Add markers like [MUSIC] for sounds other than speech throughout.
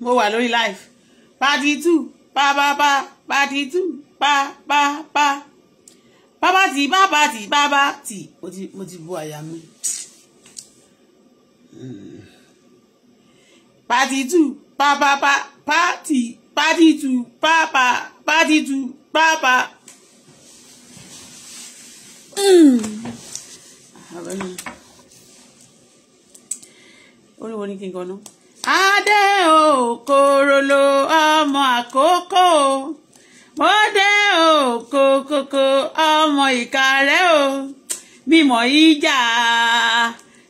mo wà lórí live pàtì tù pàpàpà pàtì tù pàpàpà bàbá tì bàbá tì bàbá tì mo ti bu àyà mi. pàtì tù pàpàpà pàtì pàtì tù pàpà pàtì tù pàpà. orí wo ni kí n gan náà adé o kòròlò ọmọ àkókò mo dé o kòkòkò ọmọ ìkàrẹ́ o mímọ̀ ìjà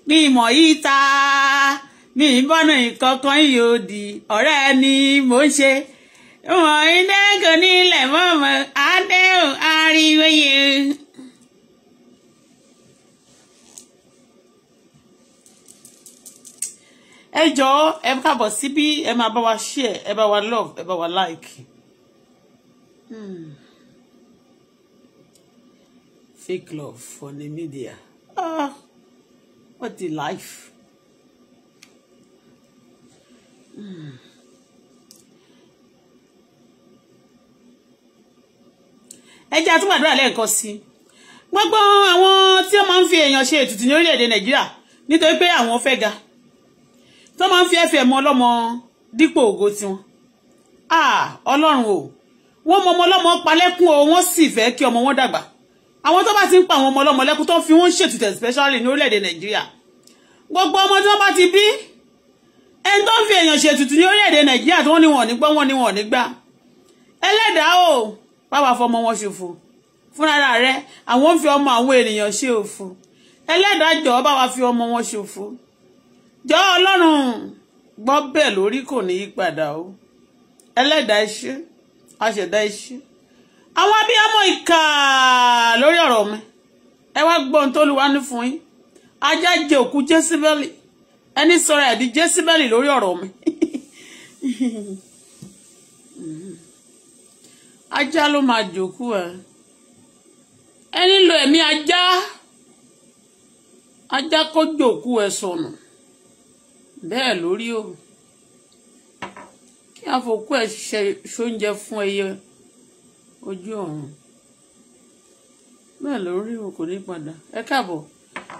mímọ̀ ìta mi ń bọ́nà ìkọ̀kan yìí ó di ọ̀rẹ́ ni mò ń ṣe wọ̀nyí dẹ́gùn nílẹ̀ mọ́mọ́ adé o ariwo yìí. ẹ jọ̀ọ́ ẹ káàbọ̀ síbí ẹ máa bá wa share ẹ bá wa love ẹ bá wa like. Hmm. Fake love for the media. Ah, what the life. Hmm. ẹ jẹ́ àtúgbàdúrà lẹ́ẹ̀kan sí i gbogbo àwọn tí wọ́n máa ń fi èèyàn ṣe ètùtù ní orílẹ̀-èdè Nàìjíríà nítorí pé àwọn fẹ́ ga tó máa ń fi ẹ̀fẹ̀ mọ ọlọ́mọ dípò ògo tiwọn ọlọ́run o wọ́n mọ ọmọ ọlọ́mọ palẹ́kún o wọ́n sì fẹ́ kí ọmọ wọn dàgbà àwọn tó bá ti ń pa àwọn ọmọ ọlọ́mọ lẹ́kún tó ń fi wọ́n ṣètùtẹ̀ especially ní orílẹ̀-èdè nàìjíríà gbogbo ọmọ tí wọ́n bá ti bí ẹni tó ń fi èèyàn ṣètùtù ní orílẹ̀-èdè nàìjíríà tó ní wọn nígbà wọn ní wọn nígbà ẹlẹ́dàá o bàbá fọmọ wọn ṣòfò fúnra rẹ àwọn ń fi ọmọ àwọn ènìyàn ṣe òfò ẹlẹ́dàá jọ̀ọ́ bàbá fi ọmọ wọn ṣòfò Jọọ ọlọ́run gbọ́ bẹ́ẹ̀ lórí kò ní í padà o ẹlẹ́dàá iṣẹ́ aṣẹ̀dá iṣẹ́ àwọn abiyamọ ìkà lórí ọ̀rọ̀ mi ẹ wá gbọ́ tó lu wá ní fún yín ajá jẹ òkú jésìbẹ́lì ẹni ẹ̀dí jésìbẹ́lì lórí ọ̀rọ̀ mi [LAUGHS] ajá ló máa jòkú ẹ ẹni lo ẹ̀mí ajá bẹ́ẹ̀ lórí o kí àfọkù ẹ̀ ṣe ṣóúnjẹ fún ẹyẹ ojú ọ̀run bẹ́ẹ̀ lórí o kò ní padà ẹ káàbọ̀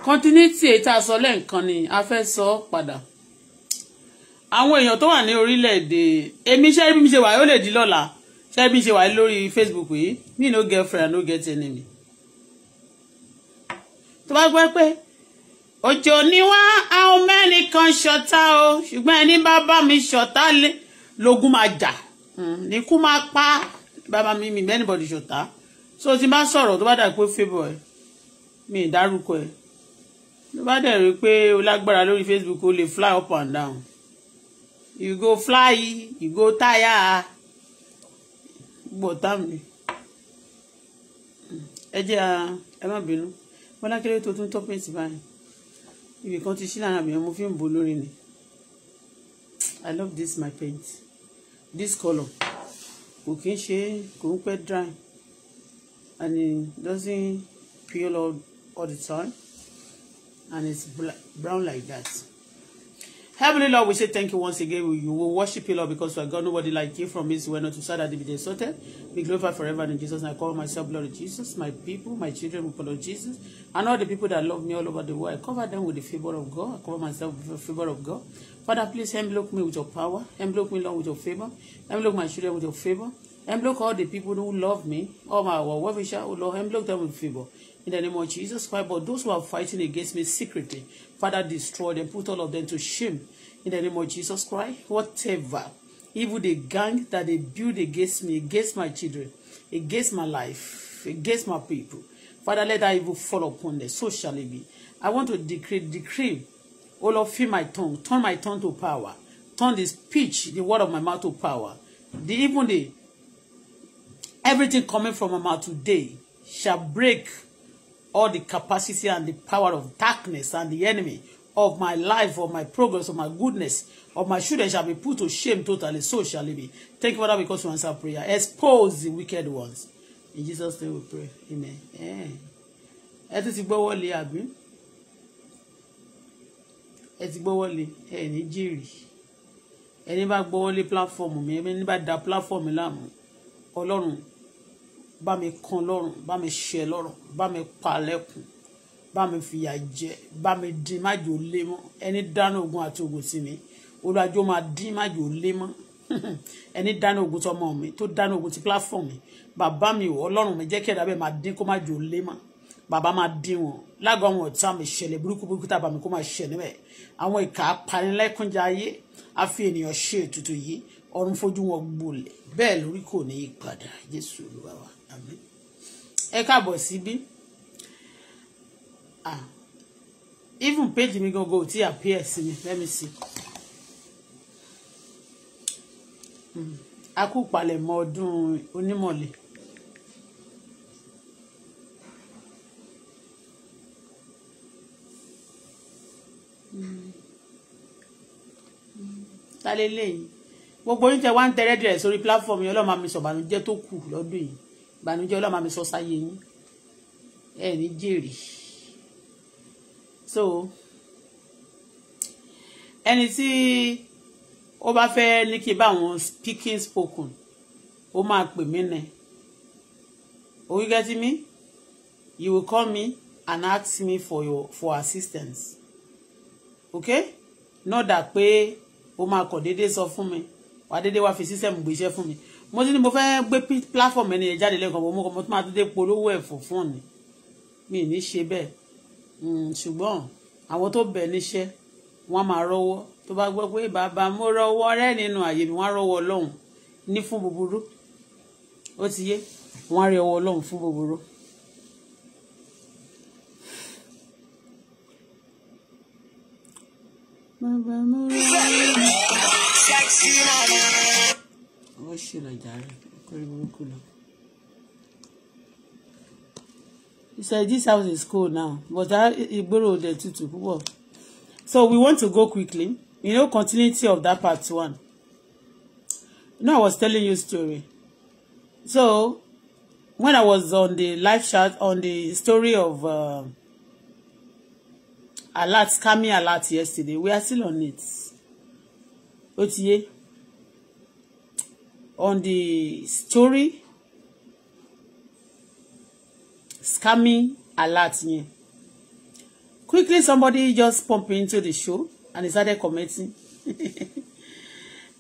continuity èyí tá a sọ lẹ́ǹkan ni a fẹ́ sọ padà àwọn èèyàn tó wà ní orílẹ̀-èdè èmi ṣe bí mi ṣe wà ó lè di lọ́la ṣe bí mi ṣe wà lórí Facebook yìí me no get friend no get enemy tó bá gbọ́ pé òjò ni wá àwọn mẹ́rin kan ṣọ̀tá o ṣùgbọ́n ẹni bá bá mi ṣọ̀tá lógún máa jà hmm, níkú máa pa bàbá mi mi mẹ́rin bọ̀dì ṣọ̀tá so tí n bá sọ̀rọ̀ tó bá dà pé favour ẹ̀ mi ì dárúkọ ẹ̀ tó bá dẹ̀ rí pé o lágbára lórí Facebook o lè fly up and down you go fly you go tire gbọ̀ tá mi hmm, ẹ jẹ́ ẹ má bínú bọ́lá kéré tó tún tọ́pẹ́ǹtì báyìí ibì kan ti ṣí lára mi mo fi ń bo lórí ni i love this my paint this colour kò kí ń ṣe kò ń pẹ́ dry and it doesn't peel all, all the time and it's brown like that. Heavenly Lord, we say thank you once again. We, you will worship you, Lord, because you are God. Nobody like you from this. We're not to sad at the sorted. Be glorified forever in Jesus. And I call myself Lord Jesus, my people, my children will follow Jesus, and all the people that love me all over the world. I cover them with the favor of God. I cover myself with the favor of God. Father, please envelope me with your power. Envelope me, Lord, with your favor. Envelope my children with your favor. Envelope all the people who love me, all my world, well wisher, oh Lord, envelope them with favor in the name of Jesus Christ. But those who are fighting against me secretly, Father, destroy them, put all of them to shame in the name of Jesus Christ. Whatever even the gang that they build against me, against my children, against my life, against my people, Father, let that evil fall upon them. So shall it be. I want to decree, decree, all of you, my tongue, turn my tongue to power, turn the speech, the word of my mouth to power. The even the everything coming from my mouth today shall break all the capacity and the power of darkness and the enemy of my life, of my progress, of my goodness, of my children shall be put to shame totally. So shall it be. Thank you, Father, because you answer prayer. Expose the wicked ones. In Jesus' name we pray. Amen. Ẹ ti ti gbọ́wọ́ lé àbí? Ẹ ti gbọ́wọ́ lé ẹ ní jèrè. Ẹni bá gbọ́wọ́ lé pílàfọ́ọ̀mù mi, ẹni bá da platform mi láàmú. Ọlọ́run bá mi kan lọ́rùn bá mi ṣe lọ́rùn bá mi pa lẹ́kùn bá mi fìyà jẹ bá mi dín májò lé mọ́ ẹni dáná ogun àti ogun sí mi olùdájọ́ máa dín májò lé mọ́ [LAUGHS] ẹni dáná ogun tọmọ mi tó dáná ogun ti platform mi bàbá mi ò ọlọ́run mi jẹ́ kí ẹ̀dá bẹ́ẹ̀ máa dín kó májò lé mọ́ bàbá máa dín wọn lágọ̀ àwọn ọ̀tá mi ṣẹlẹ̀ burúkú burúkú tá a bá mi kó máa ṣẹ níbẹ̀ àwọn ìka apanilẹ́kúnjẹ ayé a fi ènìyàn ṣe ètùtù yìí ọ̀run fojú wọn gbolẹ̀ bẹ́ẹ̀ lórí kò ní í padà Jésù Olúwa wa ẹ káàbọ̀ síbí ah even page mi gangan ò tí appear sí mi let me see mm. a kú palẹ̀mọ́ ọdún onímọ̀lẹ̀. ta lélẹ́yìn gbogbo oúnjẹ wa ń tẹ́rẹ́dìrẹ́ sórí platform yẹn ọlọ́run máa mi sọ̀bànújẹ́ tó kù lọ́dún yìí ìbànújẹ́ ọlọ́run máa mi sọ sáyé yín ẹ ní jèrè so ẹni tí ó bá fẹ́ ní kí n bá àwọn speaking spoken ó máa pè mí nẹ o you get me you will call me and ask me for your for assistance okay not that pé o máa kọ̀ déédéé sọ fún mi wà déédéé wá fi sísẹ̀mù gbéṣẹ́ fún mi mo ti ní mo fẹ́ gbé platform ẹni yẹn jáde lẹ́ẹ̀kan mo mọ̀ mo tún máa tún dé polówó ẹ̀fọ́ fún ni mi ní ṣe bẹ́ẹ̀ hmm, ṣùgbọ́n àwọn tó bẹ̀ níṣẹ́ wọ́n máa rọ́wọ́ tó bá gbọ́ pé bàbá mo rọ́wọ́ rẹ́ nínú àyè mi wọ́n rọ́wọ́ ọlọ́run ní fún búburú ó ti yé wọ́n rí ọwọ́ ọlọ́run fún búburú. Bàbá mo rọ́wọ́ ṣìnà jàre ọkùnrin burúkú lọ. He said this house is cool now but ìgboro dẹ̀ tutù púpọ̀. So we want to go quickly you know continuity of that part one. You know I was telling you story. So when I was on the live chat on the story of uh, alert scamming alert yesterday we are still on it. Ó ti on the story scamming alert yẹn quickly somebody just pump into the show and he started commenting [LAUGHS]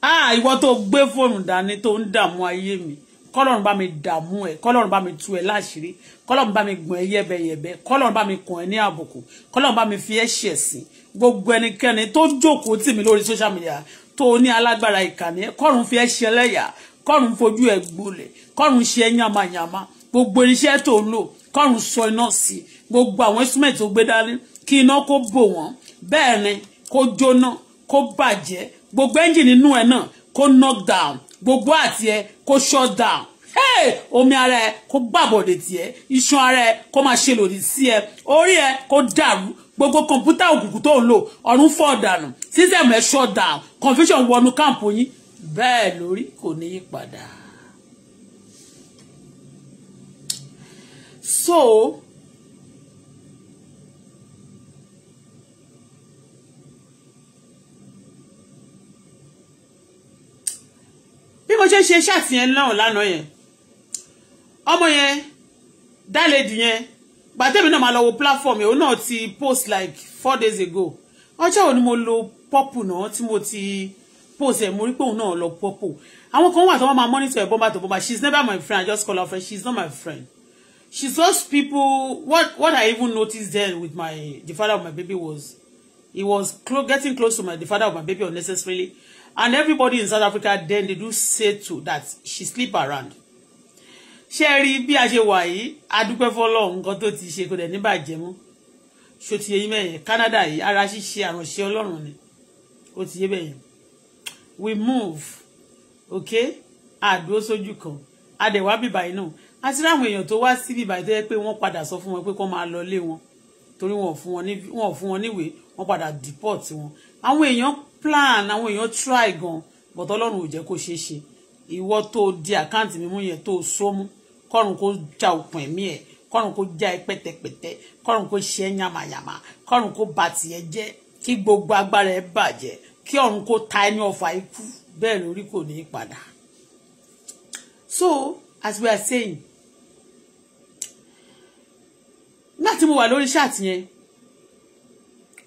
ah ìwọ tó gbé fóònù dání tó ń dààmú ayé mi kọlọ́run bá mi dààmú ẹ kọlọ́run bá mi tú ẹ láṣìírí kọlọ́run bá mi gbọ̀n ẹ yẹ̀bẹ̀yẹ̀bẹ̀ kọlọ́run bá mi kàn ẹ ní àbùkù kọlọ́run bá mi fi ẹ ṣẹ̀ gbogbo ẹnikẹ́ni tó jókòó tì mí lórí social media tó ní alágbára ìkànnì kọlọ́run fi ẹ ṣe ẹlẹ́yà kọ́run fojú ẹ̀ gbolẹ̀ kọ́run ṣe yamayama gbogbo irinṣẹ́ tó ń lò kọ́run sọ iná sí gbogbo àwọn instrument tó gbé dání kí iná kó bò wọ́n bẹ́ẹ̀ ni kó jóná kó bàjẹ́ gbogbo ẹ́ńjìnì inú ẹ̀ náà kó knock down gbogbo àti ẹ kó shut down Hey! omi ara ẹ kó gbàbọ̀dè tiẹ̀ iṣan ara ẹ kó máa ṣe lòdì sí ẹ orí ẹ kó dàrú gbogbo kọ̀ǹpútà òkùnkùn tó ń lò ọ̀run fọ̀ dànù sísẹ̀mù ẹ̀ shut down confusion wọnú káàmpù yín bẹ́ẹ̀ lórí kò ní í padà. so bí mo ṣe ṣe ṣáàtì yẹn náà lánàá yẹn ọmọ yẹn dálẹ́dì yẹn gbàtẹ́mi náà máa lọ wo platform yẹn òun náà ti post like four days ago ọjọ́ òní mo lo pọ́pù náà tí mo ti. No, expose ẹ̀ mo rí pé òun náà lọ pọ́pọ̀ àwọn kan wà tó wọ́n máa monitor ẹ̀ bọ́mbà tó bọ́mbà she is never my friend I just call her friend she is not my friend she those people what what I even noticed then with my the father of my baby was he was clo getting close to my the father of my baby unnecessarily and everybody in South Africa then they do say to that she sleep around ṣé ẹ rí bí a ṣe wà yìí adúpẹ́ fọlọ́ nǹkan tó ti ṣe kò dẹ̀ níbàjẹ́ mú ṣó ti yẹ yín mẹ́yẹn Canada yìí ara ṣíṣe àránṣẹ́ Ọlọ́run ni ó ti yé bẹ́yẹn we move okay àdúró sójú kan adẹ̀wá bíbáyìí náà àti ráwọn èèyàn tó wá sí bíbáyìí tó yẹ pé wọ́n padà sọ fún wọn pé kó máa lọ lé wọn torí wọn ò fún wọn ní wọn ò fún wọn níwèé wọ́n padà deport wọn àwọn èèyàn plan àwọn èèyàn try gan but ọlọ́run ò jẹ́ kó ṣeé ṣe ìwọ tó di àkáǹtì mímú yẹn tó sómú kọ́run kó ja òkun ẹ̀mí ẹ̀ kọ́run kó já ẹ pẹ́tẹpẹ́tẹ kọ́run kó ṣe é yàmàyàmà kọ́run kó bà tiẹ̀ jẹ́ kí gbogbo agbára ẹ bàjẹ́ kí ọ̀run kó ta ẹni ọ̀fà ikú bẹ́ẹ̀ lórí kò ní padà so as we are saying láti mo wà lórí ṣáàtì yẹn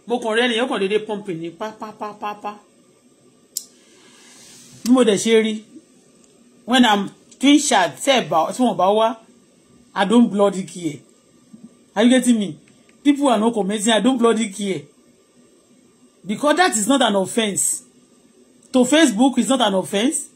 mo kàn rẹ́ nìyẹn kàn déédéé pọ́ǹpì ní pápápápá bí mo dẹ̀ ṣe rí when i'm doing ṣáàt tẹ́ ẹ̀ bá tí wọ́n bá wá i don't bloody care are you getting me people are not commenting i don't bloody care because that is not an offense to Facebook is not an offense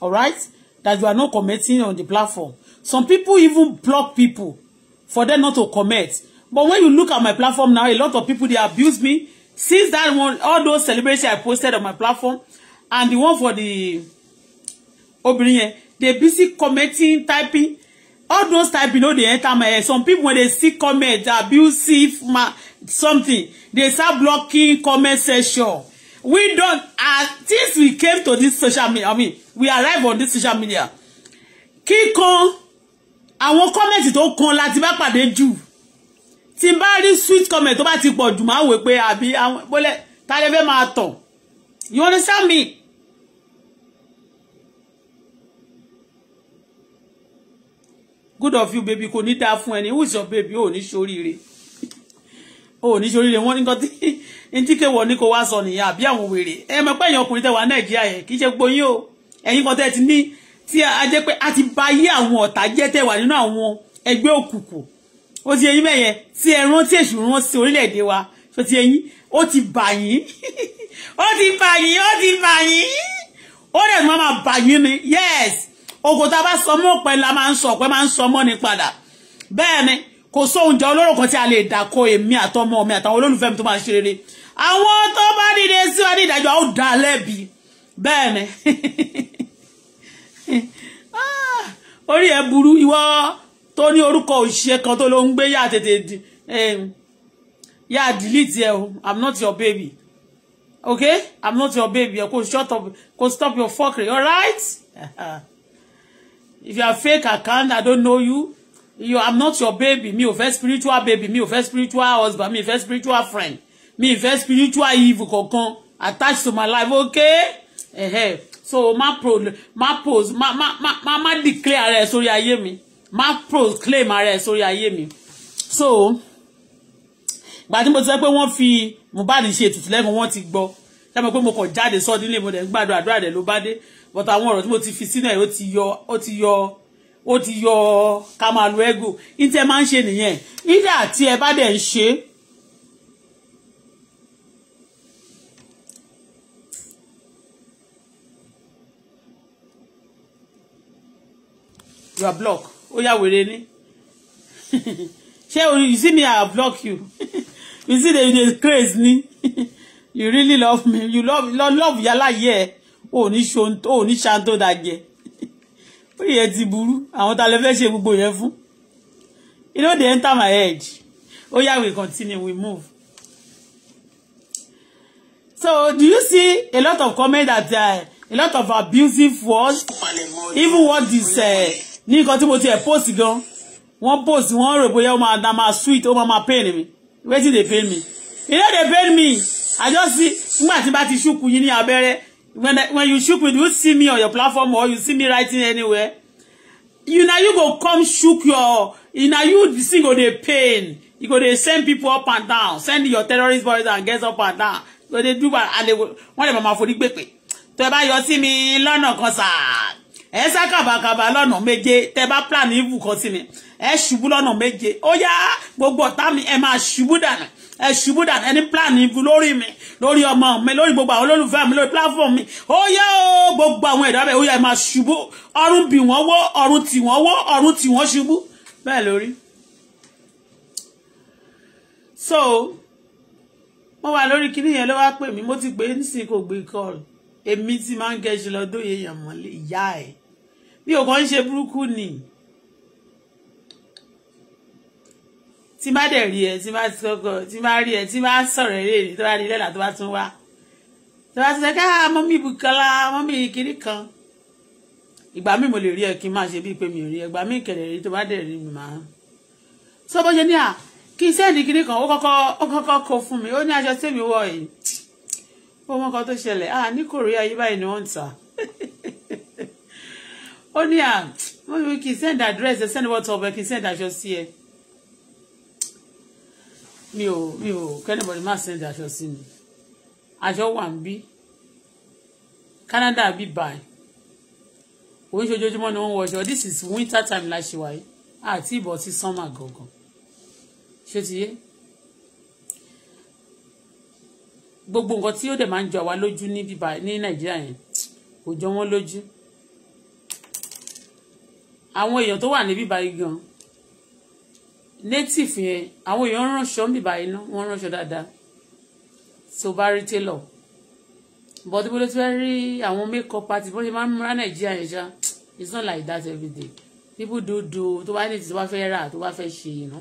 all right that you are not commenting on the platform some people even block people for them not to comment but when you look at my platform now a lot of people they abuse me since that one all those celebrations I posted on my platform and the one for the obìnrin yẹn they busy commenting typing all those typing you know, they enter my head some people when they see comment abusive ma something they start blocking comment section we don uh, since we came to this social media i mean we arrive on this social media kíkan àwọn comment tó kan láti bá pàdé jù tí n bá sweet comment tó bá ti pọ̀ jù máa wò pé àbí àwọn bọ́lẹ̀ ta lè fẹ́ máa tàn you understand me. good of you baby kò ní dáa fún ẹni who is your baby ò ní ṣoríire ò ní ṣoríire wọn nǹkan tí ní tí kéwọ ní kó wá sọ nìyẹn àbí àwọn wèrè ẹ mọ̀ pé ẹ̀yin ọkùnrin tẹ́ wà nàìjíríà yẹn kì í ṣe gboyin o ẹ̀yin kan tẹ́ ti ní tí a jẹ́ pé a ti ba ayé àwọn ọ̀tá jẹ́ tẹ́ nínú àwọn ẹgbẹ́ òkùnkùn ó ti ẹ̀yin mẹyẹ tí ẹ rántí èṣù rán orílẹ̀-èdè wa tó ti ẹ̀yin ó ti bà yín [LAUGHS] ó ti bà yín ó ti bà yín ó dẹ̀ máa máa bà yín ni yes òkòtà bá sọ mọ́ ọ̀pẹ la máa ń sọ ọ̀pẹ máa ń kò sóhun jẹ olóró kan tí a lè dàkọ èmi àtọmọ mi àtàwọn olólùfẹ́ mi tó máa ṣe àwọn tó bá dìde sí ní ìdájọ́ ó dá lẹ́bi bẹ́ẹ̀ ni [LAUGHS] ah, orí ẹ burú ìwọ tó ní orúkọ òṣìṣẹ́ kan tó ló ń gbé yá tètè yá delete ẹ o i'm not your baby okay i'm not your baby kò shut up kò stop your fuckery alright [LAUGHS] if you are fake account i don't know you you i'm not your baby mi ò fẹ́ spiritual baby mi ò fẹ́ spiritual husband mi ò fẹ́ spiritual friend mi ò fẹ́ spiritual evil kankan attached to my life okay eh eh so ma pro ma pose ma ma ma ma declare ara ẹ sórí ayé mi ma proclaim ara ẹ sórí ayé mi so gbà tí mo ti sọ pé wọ́n fi Mohbad ṣe ètùtù lẹ́gùn wọ́n ti gbọ́ ṣé mo pé mo kàn jáde sọ́ọ́ nílé mo dẹ̀ ń gbàdúrà àdúrà rẹ̀ ló bá dé but àwọn ọ̀rọ̀ tí mo ti fi sínú ẹ̀ ó ti yọ ó ti yọ ó ti yọ ká máa lo ego ní tí ẹ máa ń ṣe nìyẹn nígbà tí ẹ bá dẹ̀ ń ṣe you are blocked ó yà wèrè ni [LAUGHS] ṣé you see me i block you [LAUGHS] you see the the craze ni [LAUGHS] you really love me you love love love yàrá yẹ ò ní ṣan tó dá ó yẹ ti burú àwọn ta lè fẹ́ ṣe gbogbo yẹn fún you know they enter my head Oh yeah, we continue we move so do you see a lot of comment that uh, a lot of abusive words even what this ní nǹkan tí mo ti ẹ̀ post gan wọ́n post wọ́n rò bóyá ó máa da máa sweet ó máa máa pain mi wetin dey pain me you know dey pain me i just see nígbà tí bá ti ṣùkú yín ní abẹ́rẹ́ when I, when you shook me, do you see me on your platform or you see me writing anywhere? You know you go come shook your, you know you sing go dey pain. You go dey send people up and down, send your terrorist boys and girls up and down. So they do what and they will. Wọ́n lè mama forí gbèpè. Tẹ́ bá yọ sí mi lọ́nà kan sáà. Ẹ sá kàbàkàbà lọ́nà méje. Tẹ́ bá plan evil kan sí ẹ ṣubú lọ́nà méje ó yá gbogbo ọ̀tá mi ẹ máa ṣubú dànù ẹ ṣubú dànù ẹni pílánì ibu lórí mi lórí ọmọ mi lórí gbogbo àwọn olólùfẹ́ mi lórí platform mi ó yá o gbogbo àwọn ẹ̀dá bẹ̀ ó yá ẹ máa ṣubú ọrùn bì wọ́n wó ọrùn tì wọ́n wó ọrùn tì wọ́n ṣubú bẹ́ẹ̀ lórí. so mo wà lórí kinní yẹn ló wá pè mí mo ti pè é nísìnyí kò gbé kọ́ọ̀lù èmi ti máa ń gẹ̀ẹ́sì lọ́dún yẹn yàn mọ́lẹ̀ ìyá ẹ̀ bí òkan ń ṣe burúkú nìyí tí má dẹ̀ rí ẹ tí má kọ́kọ́ tí má rí ẹ tí má sọ̀rọ̀ eré rè tó bá rí lẹ́la tó bá tún wá tó bá tún sẹ́ ká ah, mọ́mí Bùkọ́lá mọ́mí kiri kan ìgbà míì mo lè rí ẹ kí n má ṣe bíi pé mi ò rí ẹ ìgbà míì kẹ̀lẹ̀ rí tó bá dẹ̀ rí mi máa ń. sọ bó ṣe ní à kí n sẹ́ẹ̀dì kiri kan ó kọ́kọ́ ó kọ́kọ́ kó fún mi ó ní aṣọ tèmi wọ̀ yìí ó mọ kan tó ṣẹlẹ̀ à ní Korea yí báyìí ni wọ́n ń ta [LAUGHS] ó ní à mọ́mí kì í sẹ́ẹ̀dì àdírẹ́sì sẹ́ẹ̀dì wọ́tọ̀ ọ̀bẹ kì í sẹ́ẹ̀dì aṣọ sí ẹ mi ò mi ò kẹ́nìbọ̀dì má send aṣọ sí mi aṣọ wà ń bí Canada bí báyìí òun ṣe ojoojúmọ́ ni wọ́n wọṣọ this is winter time la ṣe wáyé àti ìbọ̀ sí summer gangan ṣé ti yé gbogbo nǹkan tí ó dẹ̀ máa ń jọ àwa lójú ní bíbá ní Nàìjíríà yẹn kò jọ wọ́n lójú àwọn èèyàn tó wà ní bíbá yìí gan-an native yẹn àwọn èèyàn ránṣọ ń bìbà iná wọ́n ránṣọ dáadáa tó bá rí tailor but bó ló ti fẹ́ rí àwọn make-up artist bó ṣe máa ń múra nàìjíríà yẹn ṣá it's not like that every day people do do tó bá ní ti tó bá fẹ́ rà tó bá fẹ́ ṣe ìná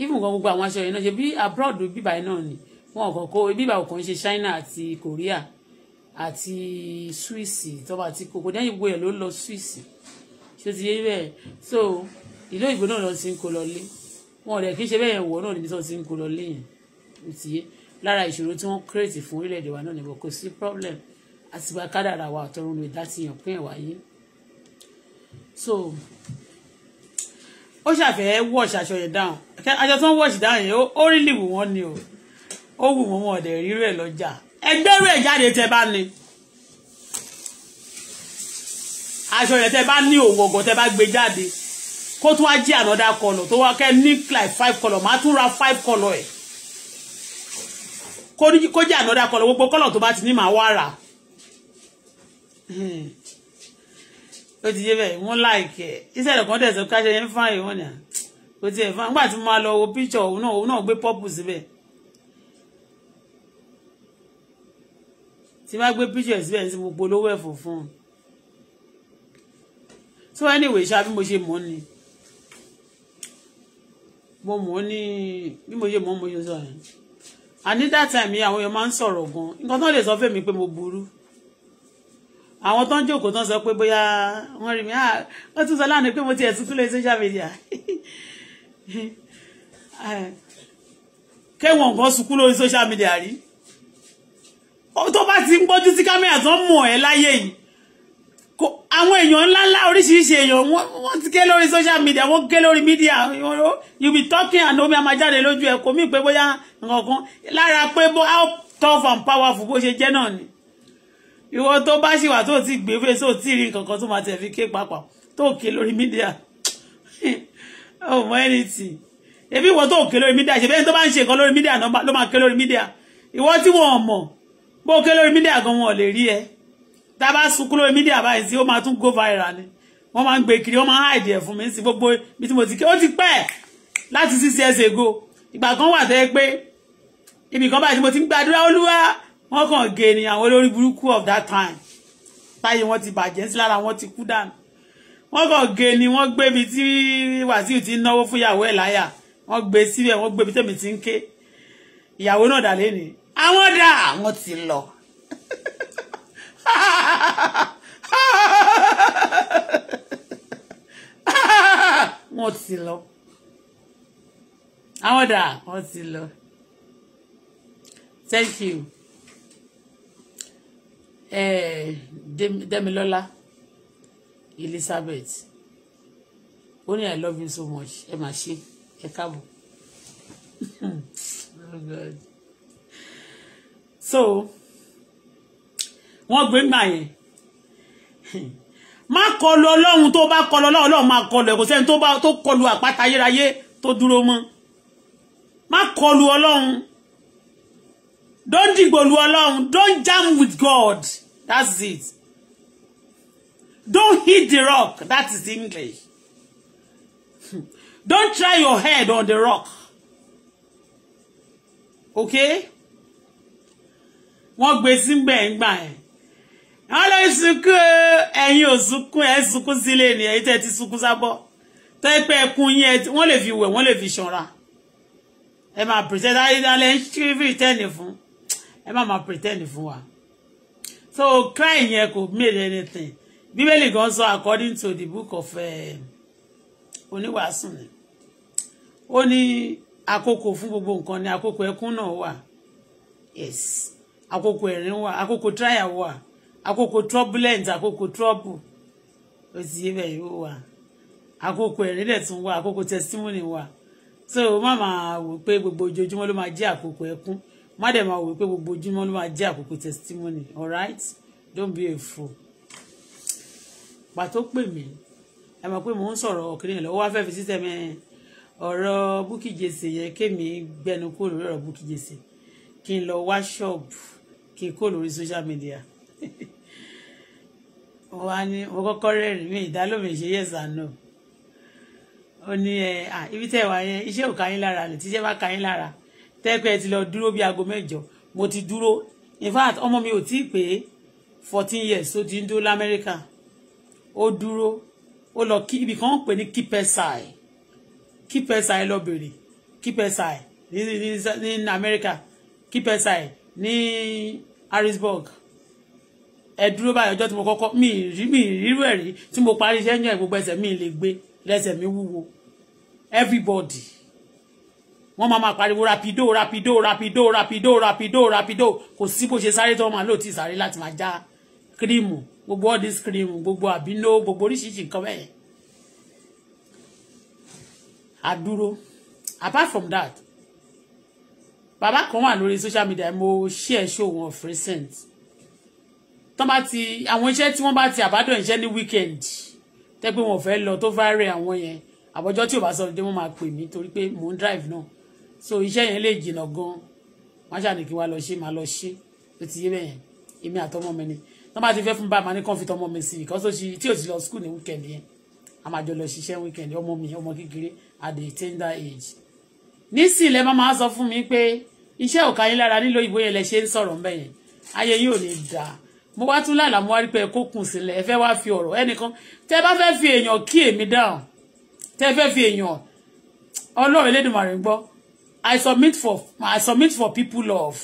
even kan gbogbo àwọn aṣọ yẹn náà ṣe bí abroad bíbà iná ni wọn kàn kó bíbà kan ṣe China àti Korea àti Swiss tọ́ba àti kòkó dẹ́yìn gbogbo yẹn ló lọ Swiss ṣé ti yé bẹ́ẹ̀ so ìlú òyìnbó náà lọ sí ń kó lọ lé wọn ò dẹ̀ kí ṣe bẹ́ẹ̀ wọ̀ náà níbi tí wọ́n ti ń kó lọ léyìn ó ti yé lára ìṣòro tí wọ́n kírètì fún orílẹ̀-èdè wa náà níbo kò sí problem àtìgbà kádàrà wa ọ̀tọ̀run lè dá ti yàn pín ẹ̀wà yìí so ó ṣàfẹ́ wọ́ọ̀ṣì aṣọ yẹn dáhùn aṣọ tó ń wọ́ọ̀ṣì dáhùn yẹn ó rí lìwù wọn ni o ó wù wọn wọn ọ̀dẹ̀ rírú ẹ̀ lọ́jà ẹgbẹ́rú ẹ̀ jáde tẹ bá ní aṣọ yẹn tẹ bá ní òwògùn tẹ bá gbé jáde kó tún wá jí another colour tó wá kẹ́ ní like five colour máa tún ra five colour ẹ̀ kó jí another colour gbogbo colour tó bá ti ní màá wá rà hmm. ó ti yé bẹ́ẹ̀ wọ́n láìkẹ́ iṣẹ́ ẹ̀kọ́ dẹ̀ sọ káṣẹ yẹn fún àyè wọn ni ah, ó ti ẹ̀ fún àgbà tí mo máa lọ wo píṣọ̀ òun náà òun náà gbé pọ́pù síbẹ̀ tí bá gbé píṣọ̀ síbẹ̀ ní gbogbo olówó ẹ̀fọ́ fún un so anyway ṣáà bí mo ṣe mọ̀ ni mo mọ̀ ní bí mo yé mọ̀ mo yẹ sọ yẹn and ní that time yẹn àwọn èèyàn máa ń sọ̀rọ̀ gan nǹkan tó lè sọ fẹ́mi pé mo burú àwọn tó ń jókòó tó ń sọ pé bóyá wọ́n rí mi à ah, wọ́n tún sọ lánàá pé mo tiẹ̀ tuntun lórí social media [LAUGHS] kẹ́wọ̀n kan sunkún lórí social media rí tó bá ti ń gbójú sí kámẹ́rà tó ń mọ̀ ẹ́ láyé yìí àwọn èèyàn ńláńlá oríṣiríṣi èèyàn wọ́n ti ké lórí social media wọ́n ké lórí media you be talking and omi àmàjáde lójú ẹ̀ kò mí pé bóyá nǹkan lára pé how tough and powerful bó ṣe jẹ́ náà ni ìwọ tó bá ṣì wà tó ti gbé fèsì ò tí ì rí nǹkan kan tó máa tẹ̀ fi ké papọ̀ tó ké lórí media oh [LAUGHS] my anything ebi ìwọ tó ké lórí media ṣe bẹ́ẹ̀ tó bá ń ṣe nǹkan lórí media ló máa ké lórí media ìwọ tí wọ́n mọ̀ bó ké lórí media gan wọn ò lè rí ẹ tá a bá sunkún lórí mídíà báyìí sí ó máa tún go viral ni wọ́n máa ń gbé kiri wọ́n máa ń hide ẹ̀ fún mi sí gbogbo bí tí mo ti kí ó ti pẹ́ láti six years ago ìgbà kan wà tẹ́ pé ibì kan báyìí tí mo ti ń gbàdúrà olúwa wọ́n kàn gé e ni àwọn olórí burúkú of that time táyé wọ́n ti bàjẹ́ sí lára wọ́n ti kú dànù wọ́n kàn gé e ni wọ́n gbé bi tí Wàsíù ti náwó fún ìyàwó ẹ̀ láyà wọ́n gbé síbẹ̀ wọ́n gbé bi tẹ̀mí ti ń ké ìyàwó náà dà lé ni àwọn dà wọ́n ti lọ wọ́n ti lọ àwọn dà wọ́n ti lọ thank you eh, Demilola Elizabeth ó ní i love you so much ẹ mà ṣe ẹ káàbọ̀ [LAUGHS] oh God so wọ́n gbé ń gbà yẹn má kọlu ọlọ́run tó bá kọlu ọlọ́run ọlọ́run máa kọlu ẹ̀ sẹ́ni tó kọlu àpáta ayérayé tó dúró mọ́ má kọlu ọlọ́run don't dìgbòlu ọlọ́run don't jam with God that's it don't hit the rock that is English [LAUGHS] don't try your head on the rock okay wọ́n gbé síbẹ̀ ń gbà ẹ̀ àwọn ló ń sunkún ẹ̀yin ò sunkún ẹ̀ sunkún sílé ni ẹ̀yin tẹ́ ti sunkún sábọ́ tó ẹ pé ẹkún yín wọ́n lè fi wẹ̀ wọ́n lè fi pretend ayédálẹ́ ń ṣí pretend fún ẹ máa máa so cry yẹn kò made anything bíbélì gan according to the book of eh, oníwàásù ni ó ní àkókò fún gbogbo nǹkan ni yes àkókò ẹ̀rín wà àkókò trial wà àkókò turbulent àkókò trouble ó ti yé bẹ́ẹ̀ yóò wà àkókò ẹ̀rín dẹ̀ tún wà àkókò testimony wà so má máa wò pé gbogbo ojoojúmọ́ ló máa jẹ́ àkókò ẹkún má dẹ̀ máa wò pé gbogbo ojoojúmọ́ ló máa jẹ́ àkókò testimony alright don't be a fool pàtó pè mí ẹ mọ̀ pé mò ń sọ̀rọ̀ ọ̀kìnrin yẹn lọ́wọ́ wá fẹ́ fi sísẹ́ mi ọ̀rọ̀ Bukky Jesse yẹn kémi gbẹnu kó lórí ọ̀rọ̀ Bukky Jesse kí n lọ wá ṣọ́ọ̀bù kí n kó lórí social media [LAUGHS] mo wá ní mo kọ́kọ́ rẹ́rìn mí ìdálómi ṣe yes and no ó ní ẹ ibi tẹ́ wà yẹn iṣẹ́ ò ká yín lára ni tíṣẹ́ bá ká yín lára tẹ́pẹ́ ti lọ dúró bí aago mẹ́jọ mo ti dúró in fact ọmọ mi ò tí ì pé fourteen years ó ti ń dúró lamẹ́ríkà ó dúró ó lọ kí ibì kan pè ní kípẹ́sàì kípẹ́sàì lọ bèrè kípẹ́sàì ní ní ní amẹ́ríkà kípẹ́sàì ní harrisburg ẹ báyìí ọjọ́ tí mo kọ́kọ́ mi rí mi rírú ẹ̀ rí tí mo parí iṣẹ́ yàn gbogbo ẹsẹ̀ mi lè gbé lẹ́sẹ̀ mi wúwo everybody wọ́n máa ma pariwo rapido rapido rapido rapido rapido rapido kò sí bó ṣe sáré tí wọ́n máa lò tí sáré láti máa já kírímù gbogbo all this cream gbogbo àbínú gbogbo oríṣiríṣi nǹkan bẹ́ẹ̀ àdúró apart from that bàbá kan wà lórí social media mo share show wọn of recent tán bá ti àwọn iṣẹ́ tí wọ́n bá ti àbádọ̀ iṣẹ́ ní weekend tẹ́ pé wọn ò fẹ́ lọ tó fẹ́ rẹ̀ àwọn yẹn àbọ̀jọ́ tí ò bá sọ̀rọ̀ dé wọ́n máa pè mí torí pé mò ń drive náà so iṣẹ́ yẹn lè jìnnà gan wọ́n ṣàní kí wá lọ ṣe máa lọ ṣe ó ti yé bẹ́ẹ̀ yẹn èmi àtọmọ mi ni tán bá ti fẹ́ fún bá ma ní kàn fi tọmọ mi sí ìkọ́ tó ṣe tí ò ti lọ school ní weekend yẹn a máa jọ lọ ṣiṣẹ́ weekend ọmọ mi ọmọ kékeré at the tender age nísìn lẹ́ máa sọ fún mi pé iṣẹ́ ò ká yín lára nílò ìbò yẹn lẹ ṣe ń sọ̀rọ̀ mbẹ́ yẹn ayé yìí ò ní dáa mo wá tún lálàá mo wá rí pé ẹ kó kùn sílẹ̀ ẹ fẹ́ wá fi ọ̀rọ̀ ẹnìkan tẹ́ bá fẹ́ fi èèyàn kí èmi dáhùn tẹ́ fẹ́ fi èèyàn ọlọ́run elédùnmarè ń gbọ́ i submit for i submit for people love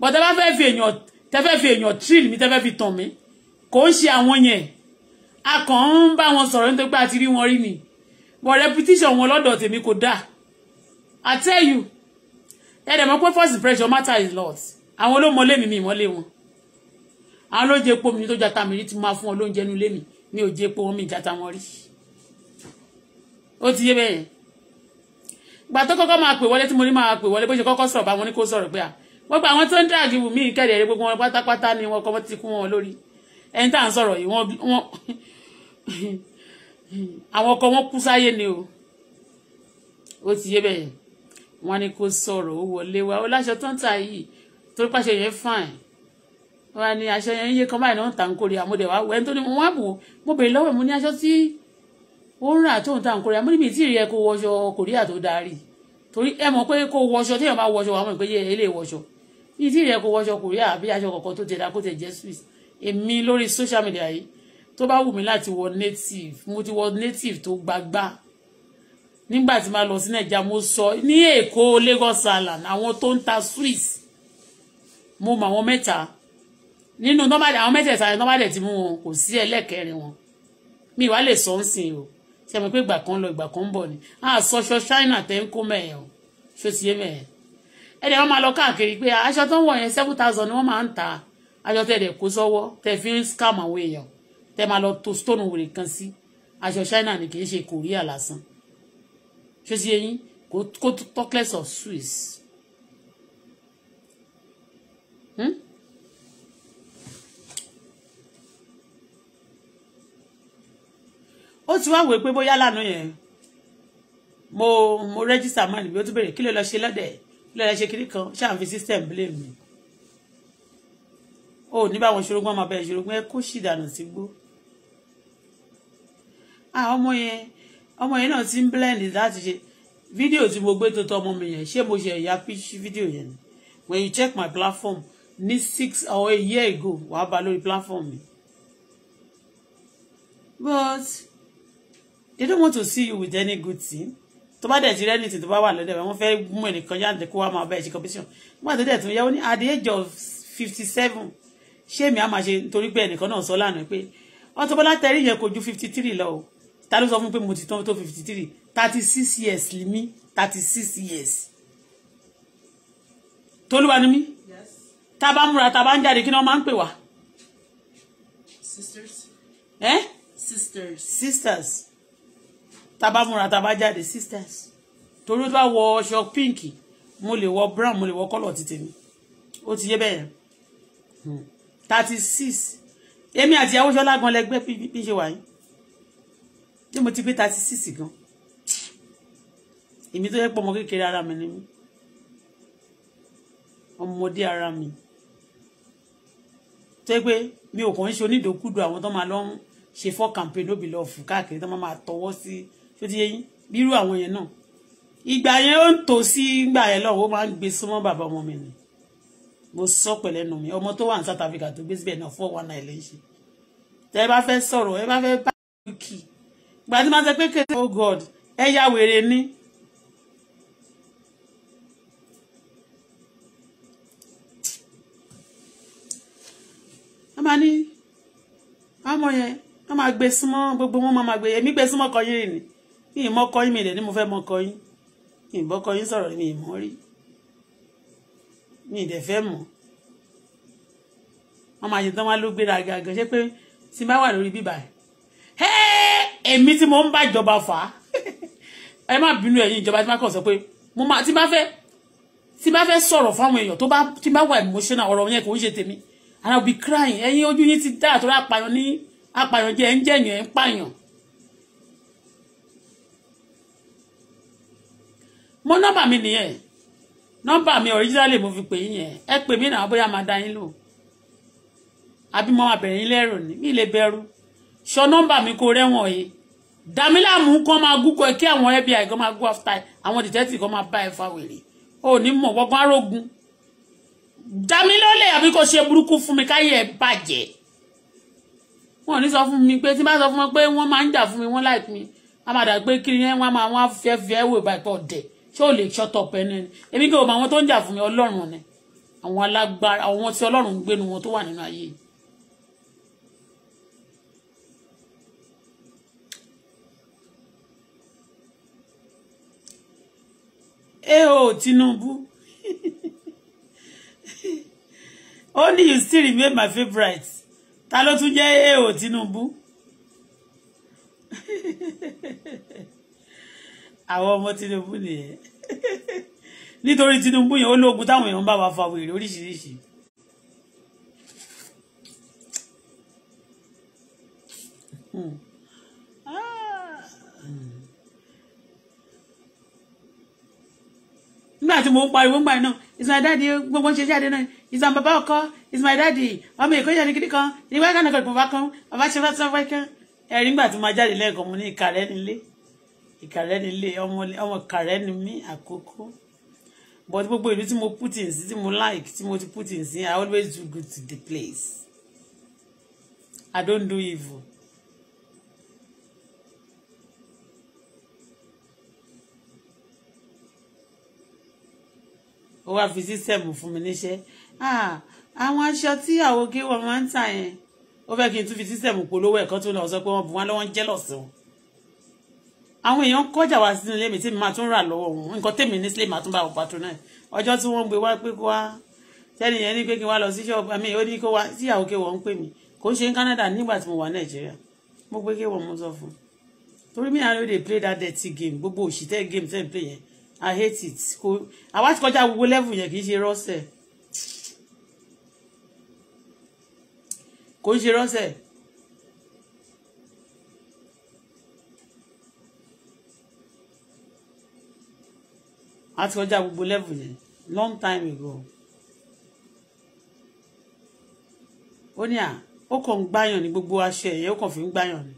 but tẹ́ bá fẹ́ fi èèyàn tẹ́ fẹ́ fi èèyàn trill mi tẹ́ fẹ́ fi tàn mí kò ń ṣe àwọn yẹn a kàn ń bá wọn sọ̀rọ̀ nítorí pé a ti rí wọn rí ni but reputation wọn lọ́dọ̀ tèmi kò dáa i tell you ẹ dẹ̀ mọ̀ pé first impression matter is lot àwọn olómọlé mi mi ìmọ̀lé wọn àwọn ló jẹ epo mi tó jata mi rí ti máa fún wọn lóúnjẹ nulé mi mi ò jẹ epo wọn mi jata wọn rí ó ti yé bẹ́ẹ̀ gbà tó kọ́kọ́ máa pè wọlé tí mo ní máa pè wọlé bó ṣe kọ́kọ́ sọ̀rọ̀ bá wọn ní kó sọ̀rọ̀ pé à wọ́n gba àwọn tó ń dàgì wù mí ìkẹ́rẹ̀ rẹ gbogbo wọn pátápátá ni wọn kọ́ ti kú wọn lórí ẹni tá à ń sọ̀rọ̀ yìí wọ́n àwọn ọkọ wọn kú sáyé ni o ó ti yé bẹ́ẹ̀ wọ́n ní kó sọ̀rọ̀ ó wọlé wa ó láṣọ tó ń tà yìí torí pàṣẹ yẹn fine wọn á ní aṣọ yẹn iye kan báyìí náà ń tà ń wa wẹ́n tó ní mo wá bò ó mo bèrè lọ́wọ́ mo ní aṣọ tí ó ń rà tó ń tà ń kórè àmọ́dé mi tí ì rí ẹ kó wọṣọ kòríà tó darí torí ẹ mọ̀ pé kó wọṣọ téèyàn bá wọṣọ wà mọ̀ pé yẹ ilé wọṣọ mi tí rí ẹ kó wọṣọ kòríà àbí aṣọ kọ̀ọ̀kan tó tẹ̀dá kó tẹ̀ jẹ́ èmi lórí social media yìí tó bá wù mí láti wọ native mo ti wọ native tó gbagbá nígbà tí ma lọ sí nàìjíríà mo sọ ní èkó Lagos Island àwọn tó ń ta swiss mo mọ àwọn mẹ́ta nínú nọ́mbàdì àwọn mẹ́tẹ̀ẹ̀ta nọ́mbàdì tí mú wọn kò sí ẹlẹ́kẹrin wọn mi wàá lè sọ ń sìn o ṣe mọ̀ pé ìgbà kan lọ ìgbà kan bọ̀ ni a sọṣọ China tẹ́ ń kó mẹ́ẹ̀ o ṣó ti yé mẹ́ẹ̀ ẹ̀dẹ̀ wọn máa lọ káàkiri pé aṣọ tó ń wọ̀ yẹn seven thousand ni wọ́n máa ń ta aṣọ tẹ̀ dẹ̀ kó sọ́wọ́ tẹ̀ fi ń scam àwọn èèyàn tẹ̀ máa lọ to stone wèrè kan sí aṣọ China ni kì í ṣe Korea lásán ṣó ti yé yín kó tọ́kẹ́sọ̀ Swiss. Hmm? ó ti wá wò pé bóyá lánàá yẹn mo mo register máa níbi ó tún bèrè kí ló lọ ṣe lọ́dẹ̀ kí ló lọ ṣe kiri kan ṣáà ń fi system blame mi ó ní báwọn ṣorogún ọmọ abẹ́rẹ́ ṣorogún ẹ kó sì dànù sí gbó ah ọmọ yẹn ọmọ yẹn náà ti ń blend láti ṣe fídíò tí mo gbé tó tọ ọmọ mi yẹn ṣé mo ṣe ẹ̀yà fídíò yẹn ni when you check my platform ní six or a year ago wàá ba lórí platform mi but they don't want to see you with any good thing tó bá dẹ̀ ti rẹ́ nìtì tó bá wà lọ́dẹ̀ wọ́n fẹ́ mú ẹnìkan yáǹdẹ̀ kó ma máa bẹ́ẹ̀ ṣe competition nígbà tó dẹ̀ tún yẹ ó at the age of fifty seven ṣé èmi á máa ṣe nítorí pé ẹnìkan náà sọ lánàá pé Auto Bola Terry yẹn kò ju fifty three lọ o ta ló sọ fún pé mo ti tán tó fifty three thirty six years ni mí thirty six years tolúwa ni mí tá a bá múra tá a bá ń jáde kí ni sisters. Eh? sisters. sisters tábà múra tábà jáde sisters torí tó bá wọ ọṣọ pink mo lè wọ brown mo lè wọ kọ́lọ̀ ti tèmi ó ti yé bẹ́ẹ̀ hmm. thirty six èmi àti ìyàwó ṣọlá gan lẹgbẹ́ bí ṣe wà yín tí mo ti pé thirty six gan èmi tó yẹ pé ọmọ kékeré ara mi ni mí ọmọdé ara mi tó yẹ pé mi ò kàn ń ṣe onídòókúdò àwọn tó máa lọ ń ṣe fọ́ campaign no be love káàkiri tó máa tọwọ́ sí. Si tó ti yé yín bírú àwọn yẹn náà ìgbà yẹn ó ń tò sí ìgbà yẹn lọ́wọ́ ó máa ń gbé súnmọ́ bàbá ọmọ mi ni mo sọ pẹ̀lẹ́ nu mi ọmọ tó wà ní South Africa tó gbé síbẹ̀ náà four one nine ló ń ṣe tẹ́ ẹ bá fẹ́ sọ̀rọ̀ ẹ bá fẹ́ bá wíkì ìgbà tí máa ń sọ pé kéde oh God ẹ yá wèrè ni. a máa ní ọmọ yẹn wọ́n máa gbé súnmọ́ gbogbo wọn máa gbé yẹn mí gbé súnmọ́ kan yẹn ni mi ì mọ́kọ yín mi ìdẹ̀ ni mo fẹ́ mọ́kọ yín mi ì bọ́kọ yín sọ̀rọ̀ mi ì mọ́ rí mi ìdẹ̀ fẹ́ mọ́ wọn máa ṣe tán wá ló gbéra gàgàn ṣé pé tí bá wà lórí bíbà ẹ èmi tí mo ń bá ìjọba fà á [LAUGHS] ẹ má bínú ẹ̀yin ìjọba tí má kàn sọ pé mo máa tí bá fẹ́ tí bá fẹ́ sọ̀rọ̀ fáwọn èèyàn tó bá tí bá wà emotional ọ̀rọ̀ yẹn kò ń ṣe tèmi and I will be crying ẹ̀yin ojú yín ti dá àtúrà apààyàn ní apààyàn jẹ́ ẹ̀ ń jẹ̀yàn ẹ̀ ń pààyàn mo nọ́mbà mi nìyẹn nọ́mbà mi ọ̀ríjínálì mo fi pè yín yẹn ẹ pè mí náà bóyá máa da yín lò àbí mo àbẹ̀rẹ̀ yín lẹ́rù ni mi lè bẹ̀rù sọ nọ́mbà mi kò rẹ́wọ̀n yìí dàmílàmù kan máa gúkọ kí àwọn FBI kan máa go after àwọn detective kan máa bá ẹ fa wèrè ò ní mọ̀ wọ́n bá rógun dàmílọ́lẹ̀ àbí kò ṣe burúkú fún mi káyé ẹ bàjẹ́ wọn ní sọ fún mi pé tí bá sọ fún mi pé wọ́n máa ń jà fún mi wọ́n láì fún mi kiri yẹn wọ́n máa wọ́n á fẹ́ fi ẹ́ wò dẹ̀ ṣé ò lè ṣọ́tọ̀ pẹ́ ní ẹni èmi kí o mọ àwọn tó ń jà fún mi ọlọ́run ni àwọn alágbára àwọn tí ọlọ́run ń gbénu wọn tó wà nínú ayé yìí. ẹ o Tinubu [LAUGHS] only you still remain my favourite ta ló tún jẹ́ ẹ o Tinubu. [LAUGHS] àwọn ọmọ Tinubu nìyẹn [LAUGHS] nítorí Tinubu yẹn ó táwọn èèyàn bá wa fa wèrè oríṣiríṣi. Hmm. Ah. nígbà tí mo ń pariwo ń gbà náà is my daddy gbogbo ń ṣe jáde náà is my baba ọkọ is my daddy ọmọ èkó yẹn ní kíní kan ìwé kan náà kò gbọ̀n kan bàbá ṣe bá tún kan ẹ̀rí nígbà tí mo máa jáde lẹ́ẹ̀kan mo ní ìkàlẹ́ nílé ìkàrẹ́ ni ilé ọmọ ìkàrẹ́ ni mí àkókò but gbogbo ìlú tí mo put in sí tí mo like tí mo ti put in sí I always do good to the place I don't do evil. ó wá fi sísẹ̀mù fún mi níṣẹ́ ah, àwọn aṣọ tí àwọn gé wọn máa ń tà yẹn ó fẹ́ kí n tún fi sísẹ̀mù polówó ẹ̀kọ́ tó lọ sọ pé wọ́n bu wọn lọ́wọ́ ń jẹ́ lọ́sàn-án àwọn èèyàn kọjá wá sínú ilé mi tí mi máa tún rà lọ́wọ́ wọn nǹkan tèmi ní sílé màá tún bá wọn patronize ọjọ́ tí wọ́n gbé wá pé kó wá tẹ́ni yẹn ní pé kí n wá lọ sí ṣọ́ọ̀bù àmì ó ní kó wá sí ìyàwó kéwọ́n ń pè mí kò ń ṣe ní Canada nígbà tí mo wà Nàìjíríà mo pé kéwọ́n mo sọ fún un torí mi àná dey play that dirty game gbogbo òṣìṣẹ́ game ten play yẹn I hate it kò àwa ti kọjá gbogbo level yẹn kì í ṣe rọ́ọ̀sẹ̀ kò ń ṣe rọ́ọ̀sẹ̀ a ti gbogbo level yẹn long time ago ó ní à ó kàn ń gbáyàn ní gbogbo aṣọ ẹ̀yẹ ó kàn fi ń gbáyàn ní